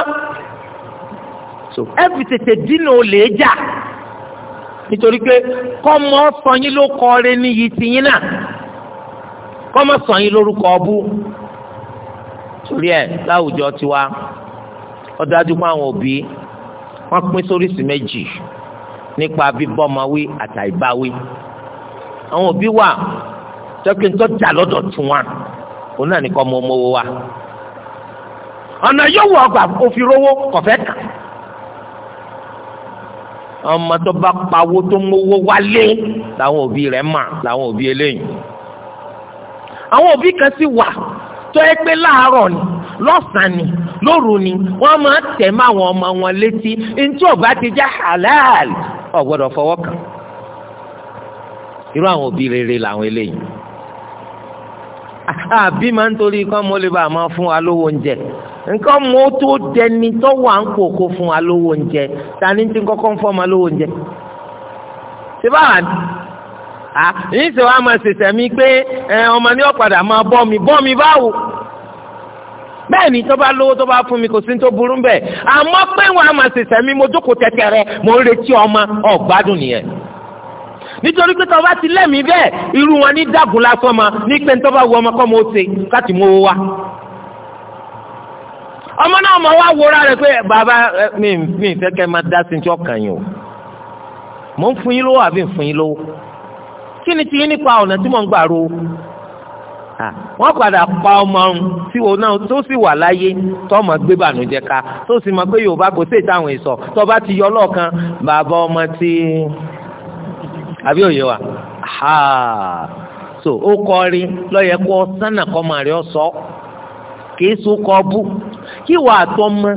ẹ fi tètè dínà olè jà nítorí pé kọ́mọ sọyìn ló kọ́re níyì tìyín náà kọ́mọ sọyìn lórúkọ ọbú torí ẹ láwùjọ tiwa ó dájú pé àwọn òbí wọ́n pín sóríṣi méjì nípa bíbọ́mọwí àtàìbáwí àwọn òbí wà tọ́kí tó dà lọ́dọ̀ tún wa òun náà nìkan mọ́ ọmọ owó wa ọ̀nà yóò wọ ọgbà òfin rówó kọ̀fẹ́ kàn ọmọ tó bá pawó tó mówó wálé làwọn òbí rẹ̀ mà làwọn òbí eléyìí àwọn òbí kan sì wà tó ẹ pé láàárọ̀ ni lọ́sàn-án ni lóru ni wọ́n máa tẹ̀ mọ́ àwọn ọmọ wọn létí ntí ó bá ti jẹ́ halal ò gbọ́dọ̀ fọwọ́ kàn irú àwọn òbí rere làwọn eléyìí àbí máa ń torí kọ́ mọ́lẹ́bà máa fún wa lówó oúnjẹ nǹkan mọ tó dẹni tó wà ń kókó fún wa lówó oúnjẹ ta ni ti kọ́kọ́ ń fọ́ọ̀mà lówó oúnjẹ ṣé báwa ni yìí ṣe wàá máa ṣèṣẹ̀ mi pé ọmọ ní ọ̀padà máa bọ́ mi bọ́ mi báwo bẹ́ẹ̀ ni tó bá lówó tó bá fún mi kò sí tó burú bẹ́ẹ̀ àmọ́ pé wàá máa ṣèṣẹ̀ mi mo jókòó tẹ́tẹ́rẹ́ mo ń retí ọmọ ọ̀gbádùn nìyẹn nítorí pé tọ́ba ti lẹ́mìí bẹ́ẹ̀ irú wọn ní dàgùn lásán ma ní pé tọ́ba wọ ọmọ kọ́ mo ṣe láti mú wá ọmọ náà mọ̀ wá wúra rẹ̀ pé bàbá mi mi fẹ́ kẹ́ máa dá sí ní ọkàn yìí o mò ń fún yín lówó àbí ń fún yín lówó kí ni ti yín nípa ọ̀nà tí mò ń gbà ro wọ́n padà pa ọmọ ọ̀hún tí wọ́n náà tó sì wà láyé tọ́mọ gbé bànújẹ́ ká tó sì mọ̀ pé yorùbá kò sí ìtàwọn ìsọ tọ́ba ti yọ lọ́ọ̀kan bàbá ọmọ tí àbí òye wa so ó kọrin lọ́yẹ kó sánà kọ́ màrí ọ̀sọ́ kì í so bú kí wàá tọmọ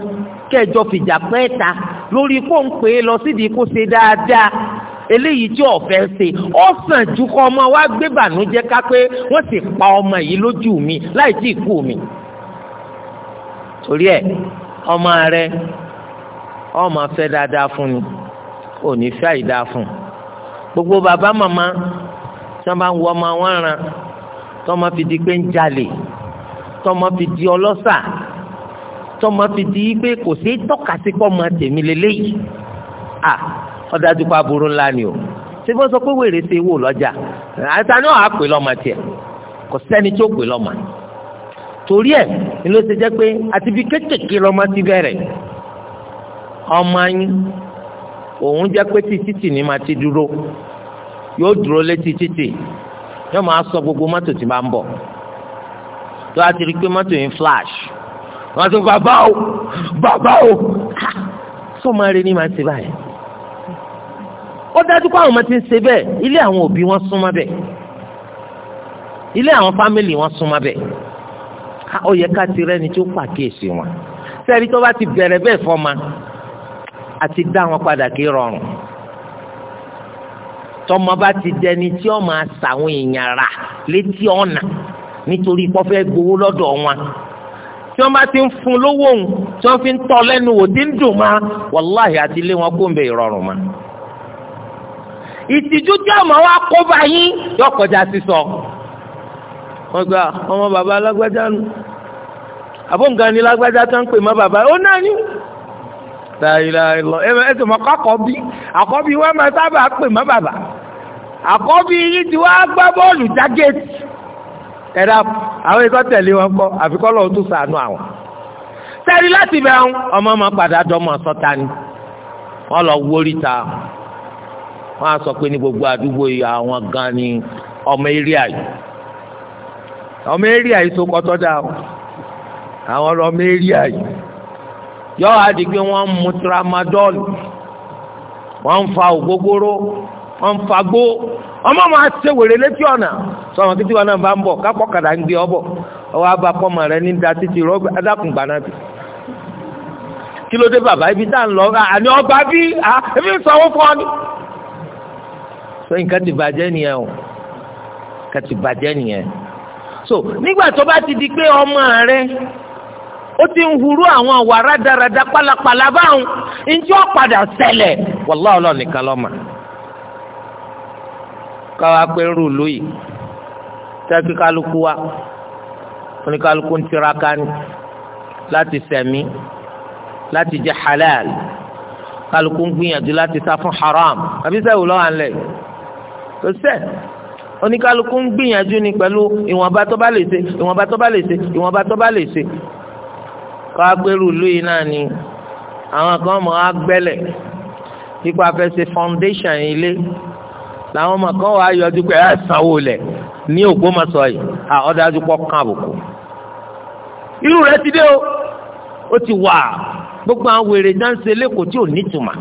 kẹjọ fìjà pẹ́ ta lórí kó ń pè é lọ sídìí kó ṣe dáadáa eléyìí tí ọ̀fẹ́ ṣe ó sàn ju kọ́ ọmọ wa gbé bànújẹ́ ká pé wọ́n sì pa ọmọ yìí lójú mi láì tí ì kú mi. torí ẹ ọmọ rẹ ọmọ fẹ́ dáadáa fún ni ò ní fẹ́ àìdáa fún gbogbo bàbá màmá tí wọ́n bá ń wọ ọmọ wọn ran tọ́mọ fi di pé ń jalè tọ́mọ fi di ọlọ́ṣà tọ́mọ fi di pé kò sí tọ́ka sí pọ́mọ tèmi lélẹ́yìí à ọ̀dájú pa burú ńlá ni o ṣé fọ́ sọ pé wèrè ṣe wò lọ́jà àtàní ọ̀hà pè lọ́mọ tiẹ̀ kò sẹ́ni tó pè lọ́mọ torí ẹ̀ ni ló ṣe jẹ́ pé àti fi kéékèèké lọ́mọ ti bẹ̀rẹ̀ ọmọ yín òun jẹ́ pé tí títì ni máa ti dúró yóò dúró létí títì yóò máa sọ gbogbo mọ́tò tí máa ń bọ̀ tó a ti rí pé mọ́tò yín flash wọ́n sọ bàbá o bàbá o sọmọ rẹ ni màá ṣe báyìí ó dájú pé àwọn ọmọ ti ń ṣe bẹ́ẹ̀ ilé àwọn òbí wọn súnmọ́ bẹ́ẹ̀ ilé àwọn fámìlì wọn súnmọ́ bẹ́ẹ̀ ó yẹ ká ti rẹ́ni tó pàkíyèsí wọn sẹ́ẹ̀rí tó bá ti bẹ̀rẹ̀ bẹ́ẹ̀ fọ́ma àti dá wọn padà kí rọrùn tọmọ bá ti dẹni tí ó máa èèyàn rà létí ọ̀nà nítorí pọ́fẹ́ gbowó lọ́dọ̀ wọn tí wọ́n bá ti ń fún lówó òun tí wọ́n fi ń tọ́ lẹ́nu wò dín dùn ma wàláhì àti ilé wọn kó ń bẹ ìrọ̀rùn ma. ìtìjú tí ọmọ wa kó bá yín yóò kọjá sísọ. wọ́n gba ọmọ bàbá alágbájá nu àbóǹgá ni lágbájá tó ń pè má bàbá ó náà ní. ẹ sì mọ kọ́kọ́bí àkọ́bí wa máa sábà pè má bàbá àkọ́bí yìí ti wá gbá bọ́ọ̀lù jágéètì. ẹ̀dá àwọn ikọ́ tẹ̀lé wọn kọ́ àfikọ́ lọ́wọ́ tó sànú àwọn. sẹ́rí láti bẹ̀ ọ́n ọmọ máa padà dọ́mọ sọ́ta ni wọ́n lọ wórí ta wọ́n á sọ pé ní gbogbo àdúgbò yìí àwọn gan ni ọmọ eré àyè ọmọ eré àyè tó kọ́ tọ́jà o àwọn ọmọ eré àyè yọ àdìgbé wọn mú tramadol wọn fa ògógóró. ọ̀nfàgbó ọmọ máa ṣe wèrè létí ọ̀nà sọ̀rọ̀ títí wọn náà bá ń bọ̀ kápọ̀ kàdà ń gbé ọwọ́ abá rẹ da títí rọ́bì adákùn gbà náà kí ló dé bàbá ibi tá ń lọ àní ebi ń sanwó fún ọ ni. sọ bàjẹ́ nìyẹn o nǹkan so nígbà tó bá ti di pé ọmọ rẹ ó ti ń hurú àwọn dáradá báwọn ìjọ padà wàlá ọlọ́ọ̀nìkan káwa pé ń rù lóyè tẹ́kí kálukú wa oníkálukú ń tiraka ni láti sẹ̀mí láti jẹ halal kálukú ń gbìyànjú láti sá fún haram àbí sẹ́wù lọ́wọ́ ànlẹ̀ kò sẹ́ oníkálukú ń gbìyànjú ni pẹ̀lú ìwọ̀nba tó bá lè ṣe ìwọ̀nba tó bá lè ṣe ìwọ̀nba tó bá lè ṣe káwa pé rù lóyè náà ni àwọn kan mọ̀ á gbẹ́lẹ̀ nípa fẹ́ ṣe foundation ilé làwọn ọmọ kan wà á yọjú pé ẹ sanwó lẹ̀ ní Ògbómọ̀ṣọ́ yìí à ọ̀dájú pọ̀ kàn àbùkù. irú rẹ̀ ti dé o ó ti wà gbogbo àwọn wèrè dáńsẹ lẹ́kọ̀ọ́ tí ò nítumọ̀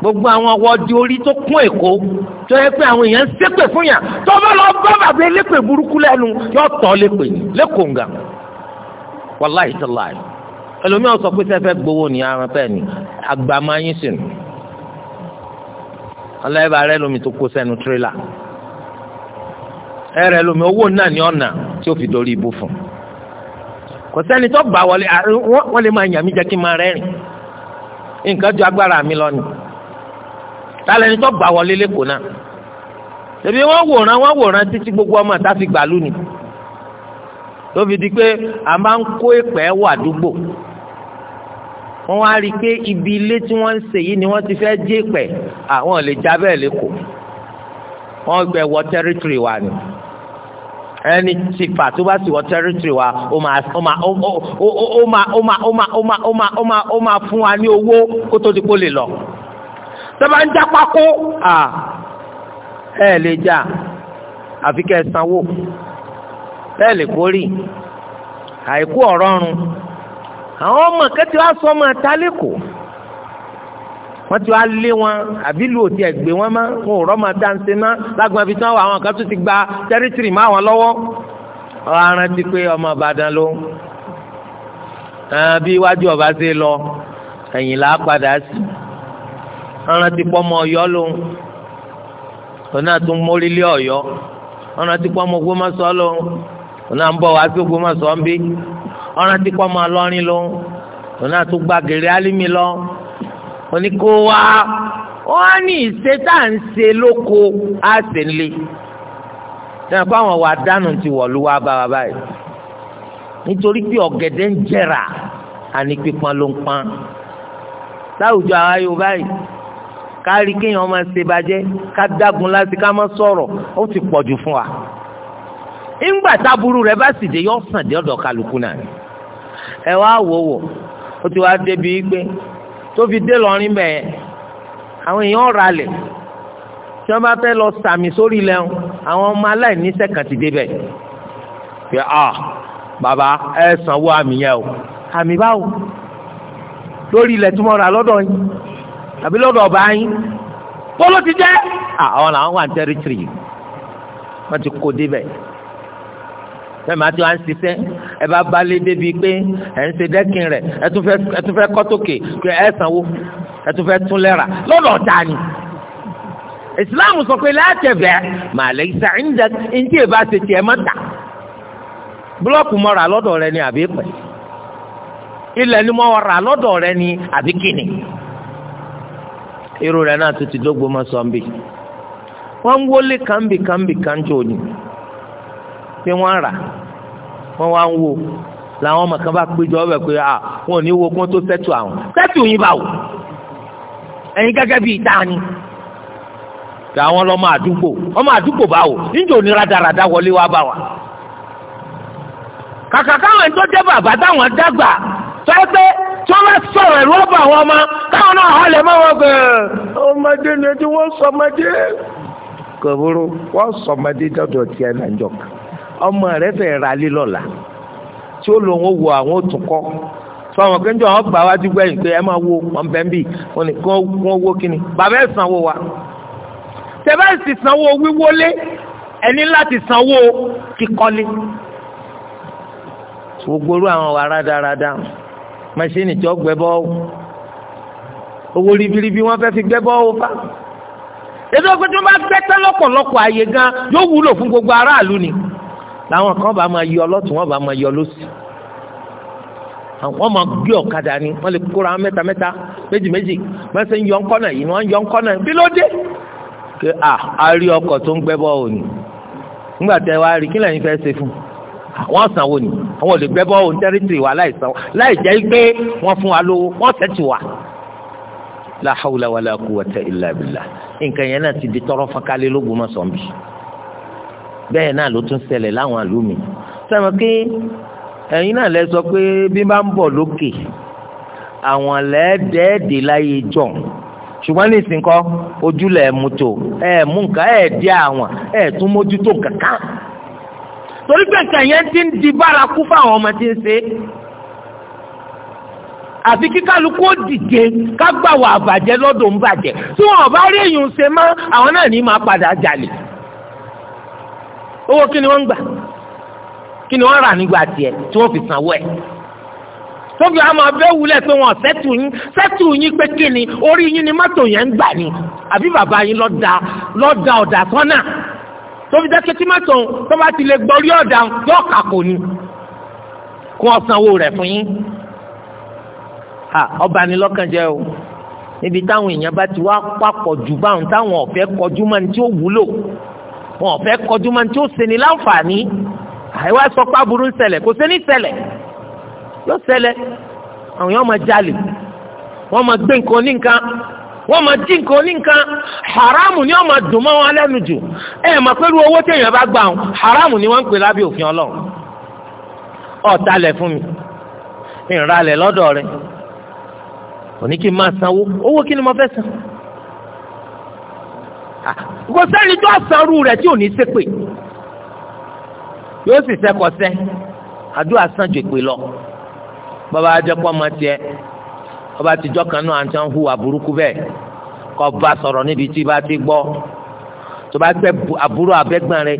gbogbo àwọn ọwọ́dí orí tó kún èkó tó yẹ pé àwọn èèyàn ń ṣépè fún yàn tó bá lọ bá bàbá elépè burúkú lẹ́nu yóò tọ́ lépè lẹ́kọ̀ọ́ nga wàláhìí tó láàyè ẹlòmíràn sọ pé sẹ́fẹ́ gbowó ni àwọn bẹ́ẹ̀ ni àgbàmáyín sì nù. ọlọ́yẹ̀ bá lómi tó kó sẹ́nu tírélà ẹ rẹ lómi owó náà ní ọ̀nà tí ó fi dorí ibú fún kò sẹ́ni tó bá wọlé wọ́n lè máa yàn mí jẹ́ kí n máa rẹ́rìn nǹkan ju agbára mi lọ ni tálẹ́ni tó bá wọlé lẹ́kọ̀ọ́ náà gbogbo ọmọ ni fi di pé a máa wọ́n wá rí i pé ibi ilé tí wọ́n ń ṣe yìí ni wọ́n ti fẹ́ dé pẹ̀ àwọn ò lè já bẹ́ẹ̀ lẹ́kọ̀ọ́ wọ́n gbẹ wọ tẹ́rítìrì wa ni ẹni tí fà tó bá sì wọ tẹ́rítìrì wa ó máa ó máa ó máa ó máa ó máa ó máa ó máa ó máa ó máa fún wa ní owó kó tó di kó lè lọ tọ́ba ń já pákó ẹ lè já àfi kẹ́ ẹ sanwó bẹ́ẹ̀ lè kórì àìkú ọ̀rọ̀run àwọn ọmọ kẹtì wa sọ ọmọ àtàlẹkọ wọ́n ti wá lé wọn àbí lu òtí ẹ̀gbẹ́ wọn mọ́ wọn ò rọ́mọ dáńsẹ́ mọ́ lágbọ́n ibi tí wọ́n wà àwọn kan tó ti gba tẹ́rítìrì mọ́ àwọn lọ́wọ́ ọ̀rọ̀ arántí pé ọmọ ìbàdàn ló bí iwájú ọba ṣe lọ ẹ̀yìn là á padà sí arántí pọ́ ọmọ ọ̀yọ́ ló ọ̀nà tó mórí lé ọ̀yọ́ arántí pọ́ ọmọ ògbómọ̀ṣọ́ ló ọ̀nà ń bọ̀ wá sí ògbómọ̀ṣọ́ ń bí ọ̀ràn tí kò máa lọ́rin lọ òun náà tún gba gèrè álímì lọ oníkó wa wọ́n ní ìṣe tá à ń ṣe lóko á sì ń le sẹ́yìn pé àwọn wà dánù ti wọ̀lú wá bá wa báyìí nítorí pé ọ̀gẹ̀dẹ̀ ń jẹrà àní pípọn ló ń pọn láwùjọ àwa Yorùbá yìí kárí kéèyàn máa ṣe bàjẹ́ ká dágun láti ká má sọ̀rọ̀ ó ti pọ̀jù fún wa. ńgbà táburú rẹ̀ bá sì dé yọ sàn dé ọ̀dọ̀ kálukú náà ẹ wá wò wò ó ti wá débi gbé tó fi dé lọrin bẹ́ẹ̀ àwọn èèyàn ra lẹ̀ tí wọ́n bá fẹ́ lọ sàmì sórí lẹ́hùn àwọn ọmọ aláìníṣẹ́ kan ti débẹ̀ pé à bàbá ẹ sanwó àmì yẹn o àmì báwo lórí ilẹ̀ tí mo rà lọ́dọ̀ yín àbí lọ́dọ̀ ọba yín bọ́lọ́ ti jẹ́ àwọn làwọn wà ní tẹ́rìtìrì wọ́n ti kó débẹ̀ fẹ́mi àti wá ń ṣiṣẹ́ ẹ bá balẹ̀ débi pé ẹ̀ ń ṣe dẹ́kin rẹ̀ ẹ tún fẹ́ kọ́tòkè pé ẹ sanwó ẹ tún fẹ́ tún lẹ́ra lọ́dọ̀ ta ni. Islam sọ pé látẹ̀bẹ̀ màlẹ́ ìsàǹdà ntí ẹ bá ṣe tiẹ̀ má ta búlọ́ọ̀kù mọ́ ra rẹ ni àbí pẹ̀ ilẹ̀ ni mo ra lọ́dọ̀ rẹ ni àbí kìnnì irú rẹ náà tó ti dógbó mọ́ sọ́ńbì wọ́n ń wọlé kàńbì kàńbì kàńjọ́ ni pé wọ́n rà wọ́n wá ń wo làwọn ọmọ kan bá péjọ ọbẹ̀ pé à wọn ò ní wo kó tó sẹ́tù àwọn sẹ́tù yín bá wò ẹ̀yin gẹ́gẹ́ bíi dání kí àwọn lọ́mọ àdúgbò ọmọ àdúgbò bá wò níjẹ́ òní rádaràda wọlé wá bá wa kàkà káwọn ẹni tó jẹ́ bàbá táwọn dàgbà tó ẹ pé tí wọ́n bá sọ̀rọ̀ ẹ̀rú ọ̀bà àwọn ọmọ káwọn náà halẹ̀ mọ́ wọn pé ọmọdé ni tí wọ́n sọmọdé kòbóró wọ́n sọmọdé dọ́dọ̀ tiẹ̀ náà jọ̀ka ọmọ rẹ fẹ́ ra lé lọ́la tí ó lò wọ́n wo àwọn òtúnkọ́ fọwọn kí n jọ àwọn gbà wájú gbẹ̀yìn pé ẹ máa wo wọn bẹ́ẹ̀ bì wọn ni kí wọ́n wó kíni bàbá ẹ̀ sanwó wa tẹ́fẹ́ sì sanwó wíwọlé ẹni láti sanwó kíkọ́lé gbogbo orú àwọn wa rádaràda mọ́ṣíìnì tí ó gbẹ bọ́ owó ribiribi wọ́n fẹ́ fi gbẹ bọ́ owó fa ètò ìpínlẹ̀ tó bá gbẹ́tẹ́ lọ́pọ̀lọpọ̀ àyè gan yóò wúlò fún gbogbo aráàlú ni làwọn kan bá máa yọ lọ́tún wọ́n bá máa yọ lọ́sì wọ́n máa gbé ọ̀kadà ni wọ́n lè kóra mẹ́ta mẹ́ta méjì méjì wọ́n ṣe ń yọ ńkọ́nà yìí wọ́n ń yọ ńkọ́nà yìí bí ló dé pé à á rí ọkọ̀ tó ń gbẹ́ bọ́ òní nígbà tẹ wá rí kí lẹ́yìn fẹ́ ṣe fún àwọn sanwó ni àwọn ò gbẹ́ bọ́ òní tẹ́rìtìrì wa láì sanwó láì jẹ́ pé wọ́n fún wa lówó wọ́n tẹ́tì la billah nǹkan yẹn náà ti di tọrọ fakálé lógun mọ́sàn bẹ́ẹ̀ náà ló tún ṣẹlẹ̀ láwọn àlùmí sẹ́wọ̀n pé ẹ̀yin náà lẹ sọ pé bí bá ń bọ̀ lókè àwọn lẹ́ẹ̀dẹ́ẹ̀dẹ́ láyé jọ ṣùgbọ́n nísìnyí kọ́ ojúlẹ̀ ẹ̀ mú tó ẹ̀ mú nǹkan ẹ̀ dí àwọn ẹ̀ tún mójútó kankan torí pé nǹkan yẹn ti ń di bárakú fáwọn ọmọ tí ń ṣe àfi kí kálukú ó dìde ká gbà àbàjẹ́ lọ́dọ̀ ń bàjẹ́ tí wọn bá rí èèyàn ṣe mọ́ àwọn náà ní máa padà jalè owó kí ni wọ́n ń gbà kí ni wọ́n rà nígbà tiẹ̀ tí wọ́n fi sanwó ẹ̀ tóbi àmọ́ abẹ́ wulẹ̀ pé wọ́n sẹ́tù yín sẹ́tù yín pé kí ni orí yín ni mọ́tò yẹn ń gbà ni àbí bàbá yín lọ́dà lọ́dà ọ̀dà sọ́nà tóbi dákẹ́ tí mọ́tò tó bá ti lè gbọ́rí ọ̀dà yóò kà kò ní kó wọ́n sanwó rẹ̀ fún yín ọba ni lọ́kàn jẹ́ o níbi táwọn èèyàn bá ti wá papọ̀ jù báwọn táwọn ọ̀fẹ́ kọjú mọ́ni tí ó wúlò wọn ò fẹ́ kọjú máa ń tí ó ṣe ní láǹfààní àìwá sọ pé aburú ń ṣẹlẹ̀ kò sẹ́ni ṣẹlẹ̀ yóò ṣẹlẹ̀ àwọn yóò máa jalè wọ́n máa gbé nǹkan ní nǹkan wọ́n máa jí nǹkan ní nǹkan haramu ni wọ́n máa dùn mọ́ wọn lẹ́nu jù ẹ mà pẹ̀lú owó téèyàn bá gbà wọn haramu ni wọ́n ń pè lábẹ́ òfin ọlọ́run ọ̀talẹ̀ fún mi ìrànlẹ̀ lọ́dọ̀ rẹ̀ òní kí n máa sanwó owó kí ni mo fẹ́ san kò sẹ́ni tó sanrú rẹ̀ tí ò ní ṣépè yóò sì sẹ́kọ̀ọ́sẹ́ àdúrà sàn jù pé lọ bàbá àjẹpọ̀ ọmọ tiẹ̀ ọba àtijọ́ kan náà àti hùwà burúkú bẹ́ẹ̀ kọ́ bá sọ̀rọ̀ níbi tí bá ti gbọ́ tó bá gbẹ àbúrò abẹ́gbọ́n rẹ̀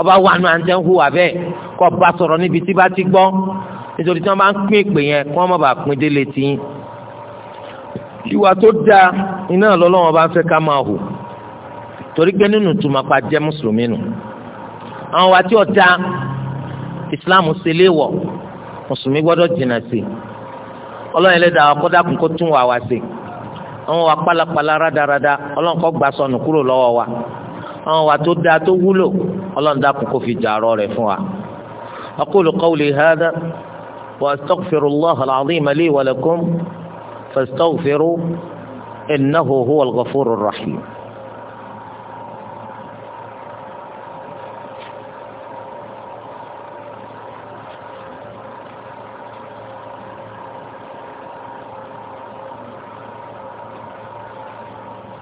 ọba wà náà àti hùwà bẹ́ẹ̀ kọ́ bá sọ̀rọ̀ níbi tí bá ti gbọ́ nítorí tí wọ́n bá ń pín ìpè yẹn kí wọ́n má bàa pín délé tiyín ìwà tó dáa iná lọ́lọ́wọ́n bá ń fẹ́ ká máa hù torí pé nínú tuma pa jẹ́ mùsùlùmí nù àwọn wa tí ó ta islam ṣe léèwọ̀ mùsùlùmí gbọ́dọ̀ jìnnà sí i ọlọ́run ẹlẹ́dàá wa kọ́dàkùn kó tún wà wá sí i àwọn wa pálapàla rádaràda ọlọ́run kọ́ gbà sọnù kúrò lọ́wọ́ wa àwọn wa tó dáa tó wúlò ọlọ́run dákun kó fi jàrọ̀ rẹ̀ fún wa. aqulu qawli hadha wa astaghfirullaha al-azim li wa lakum fastaghfiru innahu huwal ghafurur rahim.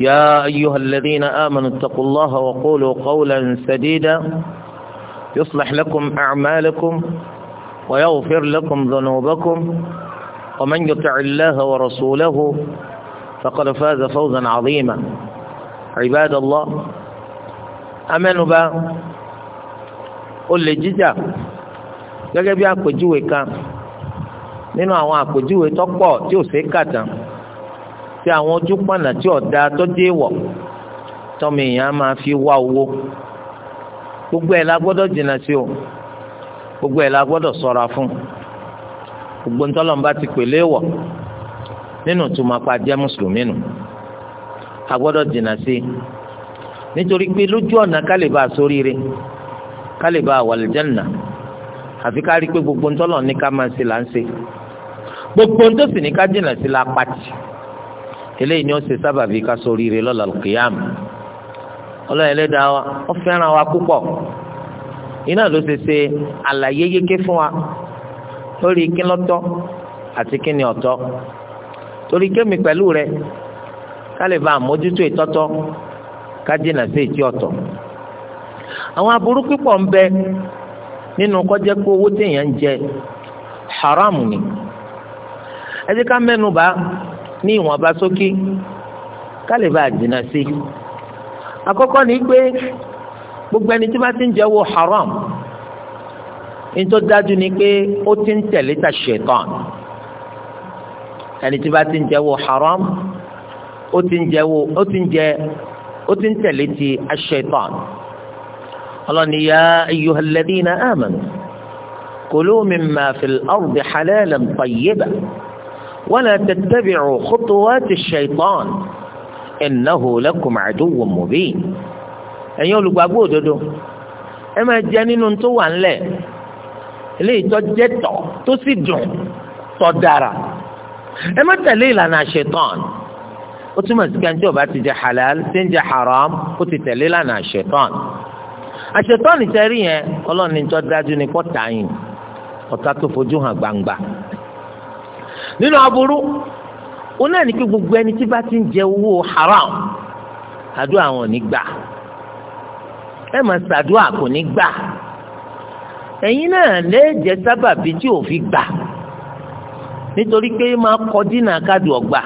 يا أيها الذين آمنوا اتقوا الله وقولوا قولا سديدا يصلح لكم أعمالكم ويغفر لكم ذنوبكم ومن يطع الله ورسوله فقد فاز فوزا عظيما عباد الله أمنوا با قل لجزا gẹ́gẹ́ bí àpèjúwe kan nínú àwọn àpèjúwe تقوى pọ̀ tí àti àwọn ojú pọ̀nà tí ọ̀dà tó dé tọ́mọ èèyàn máa fi wá owó gbogbo ẹ̀ la gbọ́dọ̀ jìnnà sí o gbogbo ẹ̀ la gbọ́dọ̀ sọ̀ra fún gbogbo ntọ́lọ́mba ti pèlè wọ̀ nínú tùmọ̀pá jẹ́ mùsùlùmí nù a gbọ́dọ̀ jìnnà sí nítorí pé lójú ọ̀nà kálíbà sóríire kálíbà wàlìjẹ́nà àfi ká rí i pé gbogbo ntọ́lọ́ ní ká máa ń ṣe là ń ṣe gbogbo ntọ́sí ní ká jìnnà sí la pàtì eléyìí ni ó ṣe sábàbí ká sọ oríire lọ́la kìyàm ọlọ́run ẹlẹ́dàá wa ó fẹ́ràn wa púpọ̀ iná ló ṣe ṣe àlàyé yéké fún wa lórí kí lọ́tọ́ àti kí ni ọ̀tọ́ torí kémi pẹ̀lú rẹ ká lè bá àmójútó ìtọ́tọ́ ká jìnnà sí ìtí ọ̀tọ̀ àwọn aburú pípọ̀ ń bẹ nínú kọjá pé owó téèyàn ń jẹ haram ni ẹ jẹ́ ká mẹ́nu ní ìwọ̀nba sókè kálí bá jìnnà sí i àkọ́kọ́ ni pé gbogbo ẹni tí bá ti ń jẹ wo haram nítorí dájú ni pé ó ti ń tẹ̀lé ta ṣètàn ẹni tí bá ti ń jẹ wo haram ó ti ń jẹ wo ó ti ń jẹ ó ti ń tẹ̀lé ti aṣètàn ọlọ́ni ya ayyuhal ladina amanu kulu mimma fil ardi halalan tayyiban. ولا تتبعوا خطوات الشيطان إنه لكم عدو مبين ẹ̀yin olùgbàgbọ́ òdodo ẹ máa jẹ nínú tó wà ńlẹ̀ eléyìí tó jẹ́ tọ́ tó sì dùn tó dára ẹ má tẹ̀lé ìlànà ṣetán ó túmọ̀ sí pé ẹnjọba ti jẹ halal tí ń jẹ haram ó ti tẹ̀lé ìlànà ṣetán àṣetán ìtẹ́rí yẹn ọlọ́run tó dájú ní pọ́tà yìí ọ̀tá tó fojú hàn gbangba nínú aburú òun náà ní kí gbogbo ẹni tí bá ti ń jẹ owó haram àdúrà wọn ò ní gbà ẹ máa ṣàdúrà kò ní gbà ẹ̀yin náà lè jẹ́ sábàbí tí ò fi gbà nítorí pé máa kọ dínà kádùn ọgbà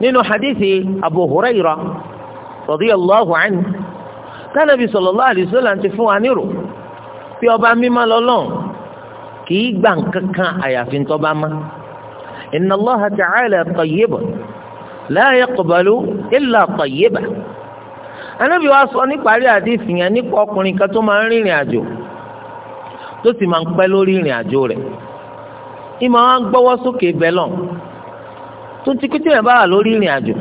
nínú hadithi Abu Hurairah radiyallahu anhu kánàbí sallallahu alaihi wasallam ti fún wa nírò pé ọba mímọ́ lọ́lọ́run kì í gbà nǹkan àyàfi ń máa. إن الله تعالى طيب لا يقبل إلا طيبا Ànábì wa sọ níparí àdìsí yẹn nípa ọkùnrin kan tó máa ń rìnrìn àjò tó sì máa ń pẹ́ lórí ìrìn àjò rẹ̀ ìmọ̀ wa ń gbọ́wọ́ sókè bẹ́lọ̀ tó ti pété yẹn bá wà lórí ìrìn àjò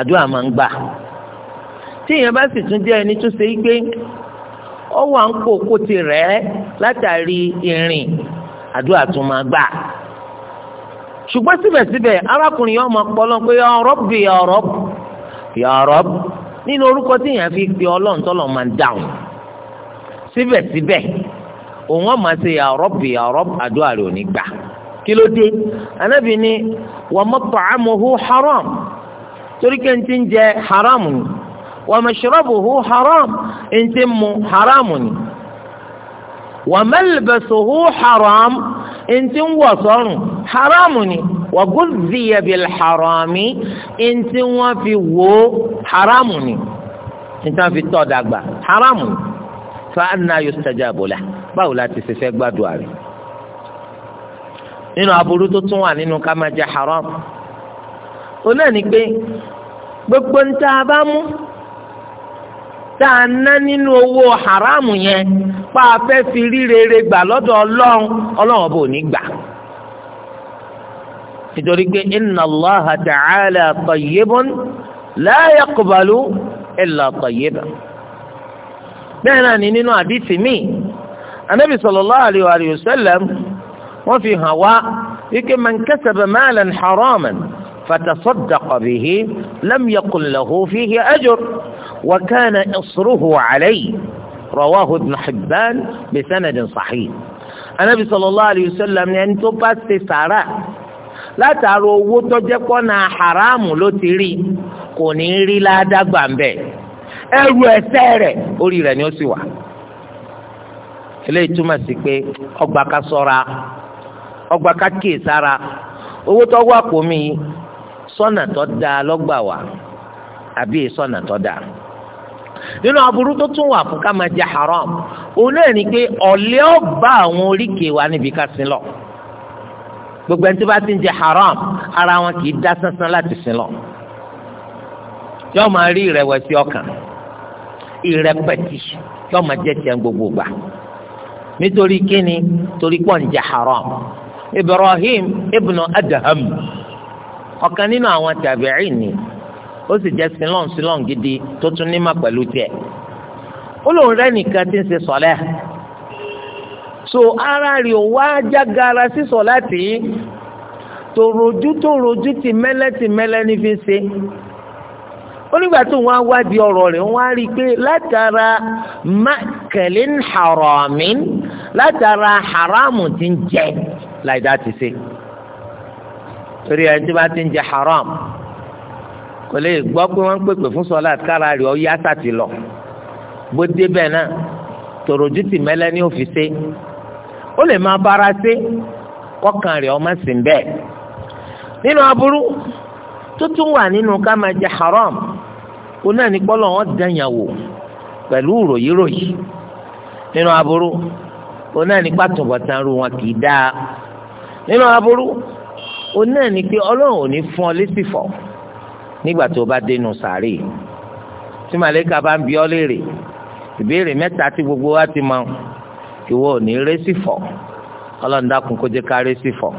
àdúrà tí bá sì tún jẹ́ ẹni tó ṣe é gbé ọwọ́ à ń kó kó ti rẹ̀ látàrí ìrìn ṣùgbọ́n síbẹ̀síbẹ̀ arákùnrin yóò máa pọ́ lọ́n pé ya Rabbi ya Rabb ya Rabb nínú orúkọ tí èèyàn fi pe ọlọ́run tọ́lọ̀ máa ń dáhùn síbẹ̀síbẹ̀ òun ọ̀ máa ṣe ya Rabbi ya Rabb àdúrà rẹ̀ ò ní gbà kí ló dé anábì ni wa mat'amuhu haram torí kí n ń jẹ haram ni wa mashrabuhu haram n ti mu haram ni wa malbasuhu haram ntí ń wọ̀ sọ́rùn haramu ni wa gudhiya bil harami ntí wọ́n fi wò ó haramu ni ntí wọ́n fi tọ́ dàgbà haramu ni fa anna yustajabu lah báwo la ti ṣe fẹ́ gbàdúrà rẹ̀ nínú aburú tó tún wà nínú ká máa jẹ haram òun náà ni pé gbogbo ń tá a bá mú tá a ná nínú owó haramu yẹn pa afẹ́ fi rí rere gbà lọ́dọ̀ ọlọ́run ọlọ́run ọba ò ní gbà nítorí pé inna Allaha ta'ala tayyibun la yaqbalu illa tayyiban bẹ́ẹ̀ náà ni nínú àdìsí mi anabi sallallahu alayhi wa sallam wọ́n fi hàn wá wíkẹ́ man kasaba malan haraman fatasaddaqa bihi lam yakun lahu fihi وكان إصره عليه رواه ابن حبان بسند صحيح النبي صلى الله عليه وسلم يعني تبا سارة لا تروا وتجكونا حرام لو تري كوني لا دغبان بي ẹrù ẹ̀ṣẹ̀ rẹ̀ orí rẹ̀ ni ó sì wà eléyìí túmọ̀ sí pé ọgbà ká ṣọ́ra ọgbà sára owó tó wà pò mí sọ́nà tó dáa lọ́gbà wà àbí sọ́nà tó dáa nínú aburú tó tún wà fún ká máa jẹ haram òun náà ni pé ọ̀lẹ́ ọba àwọn oríkèé wa níbi ká sin lọ gbogbo ẹni tó bá ti ń jẹ haram ara wọn kì í dá sánsán láti sin lọ yóò máa rí ìrẹ̀wẹ̀sì ọkàn ìrẹ̀pẹ̀tì yóò máa jẹ tiẹ̀ gbogbo gbà nítorí kíni torí pọ̀ ń jẹ haram Ibrahim ibnu Adham ọ̀kan nínú àwọn tàbíìn ni ó sì jẹ́ sílọ̀n sílọ̀n gidi tó tún ní mà pẹ̀lú tiẹ̀ ó lóun rẹ́ nìkan tí ń ṣe sọ̀lẹ́ so ara rẹ̀ ò wá jágara sí sọ̀lá tì í tòròjú tòròjú ti mẹ́lẹ́ ti mẹ́lẹ́ ní fi ṣe ó nígbà tó wọn wá di ọ̀rọ̀ rẹ̀ wọn rí i pé látara mákàlín haramin látara haramu ti ń jẹ láìdá ti ṣe torí ẹni tí bá ti ń jẹ haram kò lè gbọ́ pé wọ́n ń pèpè fún sọlá kára rẹ̀ ọ yá sàtì lọ bó dé bẹ́ẹ̀ náà tòròjú ti mẹ́lẹ́ ní òfìsé ó lè máa bára sí kọ́kàn rẹ̀ ọmọ sí bẹ́ẹ̀ nínú aburú tó tún wà nínú ká máa jẹ haram kó náà ní pọ́lọ́ wọn dẹ̀yàn wò pẹ̀lú ròyìnròyìn nínú aburú kó náà ní pàtùbọ̀tán ru wọn kì í dáa nínú aburú kó náà ní pé ọlọ́run ò ní fún ọ lésì fọ́ nígbà tó o bá dénú sàárè tí màlẹ́kà bá ń bi ọ́ léèrè ìbéèrè mẹ́ta tí gbogbo wa ti mọ ìwọ ò ní rẹ́sì fọ̀ ọlọ́run kó jẹ́ ká rẹ́sì fọ̀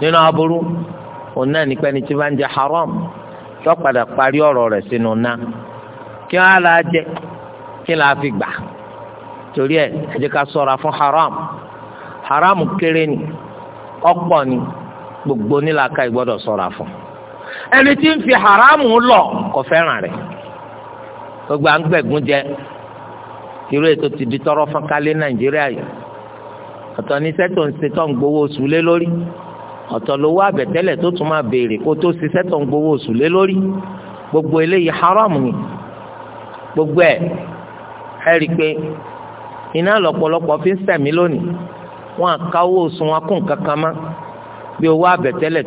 nínú aburú òun náà nípa ẹni tí bá ń jẹ haram tó padà parí ọ̀rọ̀ rẹ̀ sínú ná kí wọ́n á la jẹ kí la fi gbà torí ẹ̀ ẹ ká ṣọ́ra fún haram haram kéré ni ọ̀pọ̀ ni gbogbo nílàka ìgbọ́dọ̀ ṣọ́ra fún un. ẹni tí ń fi haramu lọ kò fẹ́ràn rẹ̀ gbogbo à jẹ irú ètò ti di tọrọ fọnkálé nàìjíríà yìí ọ̀tọ̀ ní sẹ́tò ń ṣe ń gbowó oṣù lé lórí ọ̀tọ̀ lówó àbẹ̀tẹ́lẹ̀ tó tún máa béèrè kó tó ṣe sẹ́tò ń gbowó oṣù gbogbo eléyìí haramu ni gbogbo ẹ̀ ẹ rí i pé iná lọ́pọ̀lọpọ̀ fi ń sẹ̀mí lónìí wọn àkáwó oṣù wọn kún kankan mọ́ bí owó àbẹ̀tẹ́lẹ̀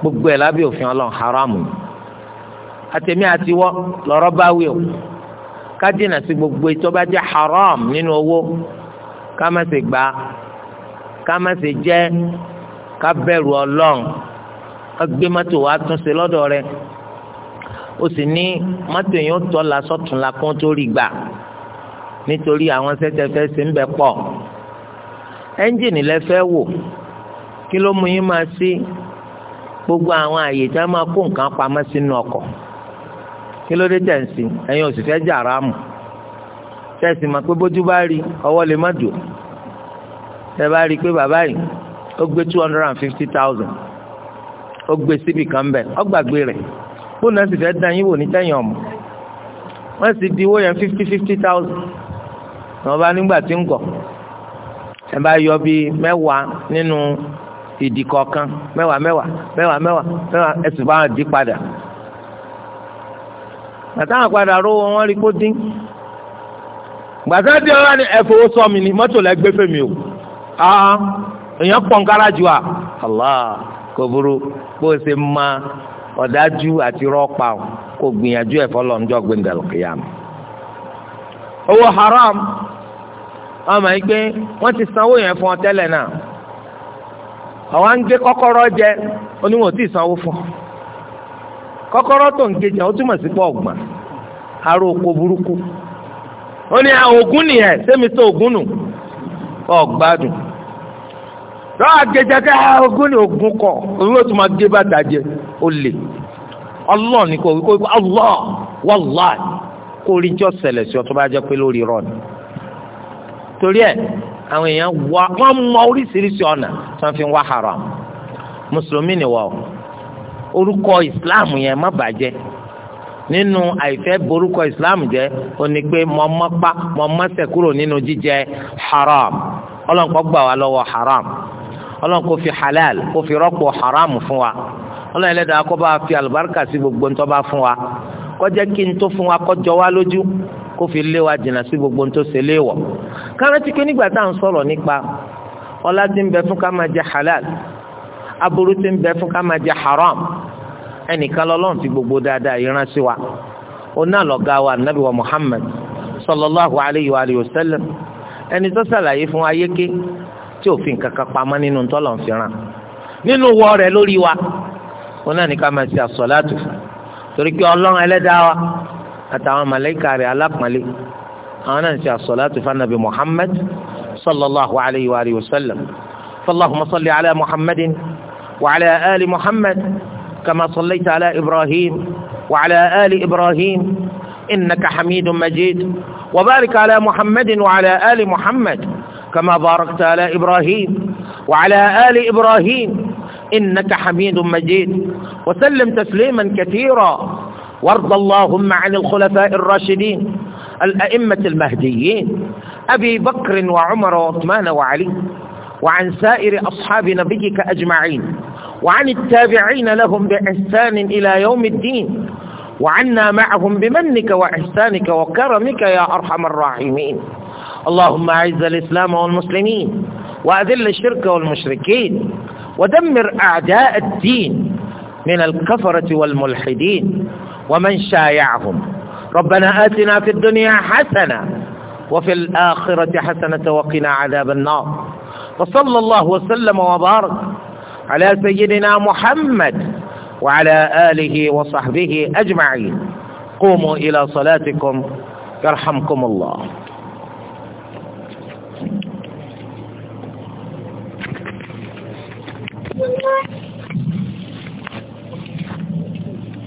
gbogbo ẹ̀ lábẹ́ òfin ọlọ́run haramu àtẹ̀mí àti wọ́ lọ́rọ́ bá wí o ká jìnnà sí gbogbo ètò bá jẹ́ haram nínú owó ká má ṣe gbà ká má ṣe jẹ ká bẹ̀rù ọlọ́run ká gbé mọ́tò wa tún ṣe lọ́dọ̀ rẹ̀ ó sì ní mọ́tò yẹn ó tọ́ la sọ́tún la kó tó rí gbà nítorí àwọn sẹ́tẹ̀fẹ́ ṣe ń bẹ pọ̀ ẹ́ńjìnì lẹ wò kí ló mú yín máa sí. Si gbogbo àwọn àyè tí a máa kó nǹkan pamọ́ sínú ọkọ̀ kí ló dé tẹ̀sí ẹ̀yin òṣìṣẹ́ jà ráàmù tẹ̀sí mà pé bójú bá rí ọwọ́ lè má dùn tẹ̀ bá rí i pé bàbá yìí ó gbé two hundred and fifty thousand ó gbé síbì kan bẹ̀ ó gbàgbé rẹ̀ fóònù náà sì fẹ́ dán yín wò ní tẹ̀yìn ọ̀mù wọ́n sì di owó yẹn fifty fifty thousand ní nígbà tí ń gọ̀ ẹ bá yọ bíi mẹ́wàá nínú ìdì mewa, mẹ́wàá mẹ́wàá mẹ́wàá mẹ́wàá mẹ́wàá ẹ̀sùn bá wọn dì padà. bàtàwọn padà ró wọn rí kó dín. gbàtà tí wọn wá ní sọ mi ni mọ́tò lẹ́ gbé fèmí o. èèyàn pọ̀ nkárá ju à. Allah kò burú bó ṣe máa ọ̀dájú àti rọ́ọ̀pá o kò gbìyànjú ẹ̀fọ́ lọ́njọ́ gbẹ̀ndẹ̀lùkìyàmù. owó haram ọmọ yìí pé wọ́n ti sanwó yẹn fún ọ tẹ́lẹ̀ náà àwọn ń gé kọ́kọ́rọ́ jẹ oníwọ̀n tí ìsanwó fún kọ́kọ́rọ́ tó ń gé jẹ ó túmọ̀ sí pọ̀ oko burúkú ó ní ògùn nìyẹn sẹ́mi tó ògùn nù ọ̀gbádùn lọ́wọ́ ní ogun kọ òun ló máa gé bàtà jẹ ó lè Allah ní kò kó torí àwọn èèyàn wá wọ́n mọ oríṣiríṣi ọ̀nà tí wọ́n fi wá haram mùsùlùmí ni wọ́n orúkọ islam yẹn má bàjẹ́ nínú àìfẹ́ borúkọ islam jẹ́ ó ní pé mọ mọ́pá mọ mọ́sẹ̀ kúrò nínú jíjẹ haram ọlọ́run kó gbà wá lọ́wọ́ haram ọlọ́run kó fi halal kó fi rọ́pò haram fún wa ọlọ́run ẹlẹ́dàá kó bá fi àlùbáríkà sí gbogbo ntọ́ bá fún wa kó jẹ́ kí n tó fún wa kọjọ jọ lójú kó fi lé wa jìnnà sí gbogbo ohun tó ṣe léèwọ̀ kárántí pé nígbà tá à ń sọ̀rọ̀ nípa ọlá tí ń bẹ fún ká máa jẹ halal aburú tí ń bẹ fún ká máa jẹ haram ẹnìkan lọ́lọ́run fi gbogbo dáadáa yìí rán sí wa oná lọ́gá wa nabi wa muhammad sallallahu alayhi wa alayhi wa sallam ẹni tó sàlàyé fún ayéké tí òfin kankan pamọ́ nínú tọ́lọ̀ ń fìràn nínú wọ rẹ̀ lórí wa oná ní ká máa ṣe àsọ̀látù torí pé ọlọ́run ẹlẹ́dàá wa. àtàwọn màláíkà rẹ̀ alápọ̀nlé àwọn náà ń ṣe àsọ̀láàtì fanabi muhammad sallallahu alayhi wa alihi wa sallam fallahumma salli ala muhammadin wa ala ali muhammad kama sallaita ala ibrahim wa ala ali ibrahim innaka hamidun majid wa barik ala muhammadin wa ala ali muhammad kama barakta ala ibrahim wa ala ali ibrahim innaka hamidun majid wa sallim tasliman kathira وارض اللهم عن الخلفاء الراشدين الأئمة المهديين أبي بكر وعمر وعثمان وعلي وعن سائر أصحاب نبيك أجمعين وعن التابعين لهم بإحسان إلى يوم الدين وعنا معهم بمنك وإحسانك وكرمك يا أرحم الراحمين اللهم أعز الإسلام والمسلمين وأذل الشرك والمشركين ودمر أعداء الدين من الكفرة والملحدين ومن شايعهم ربنا آتنا في الدنيا حسنة وفي الآخرة حسنة وقنا عذاب النار وصلى الله وسلم وبارك على سيدنا محمد وعلى آله وصحبه أجمعين قوموا إلى صلاتكم يرحمكم الله Thank you.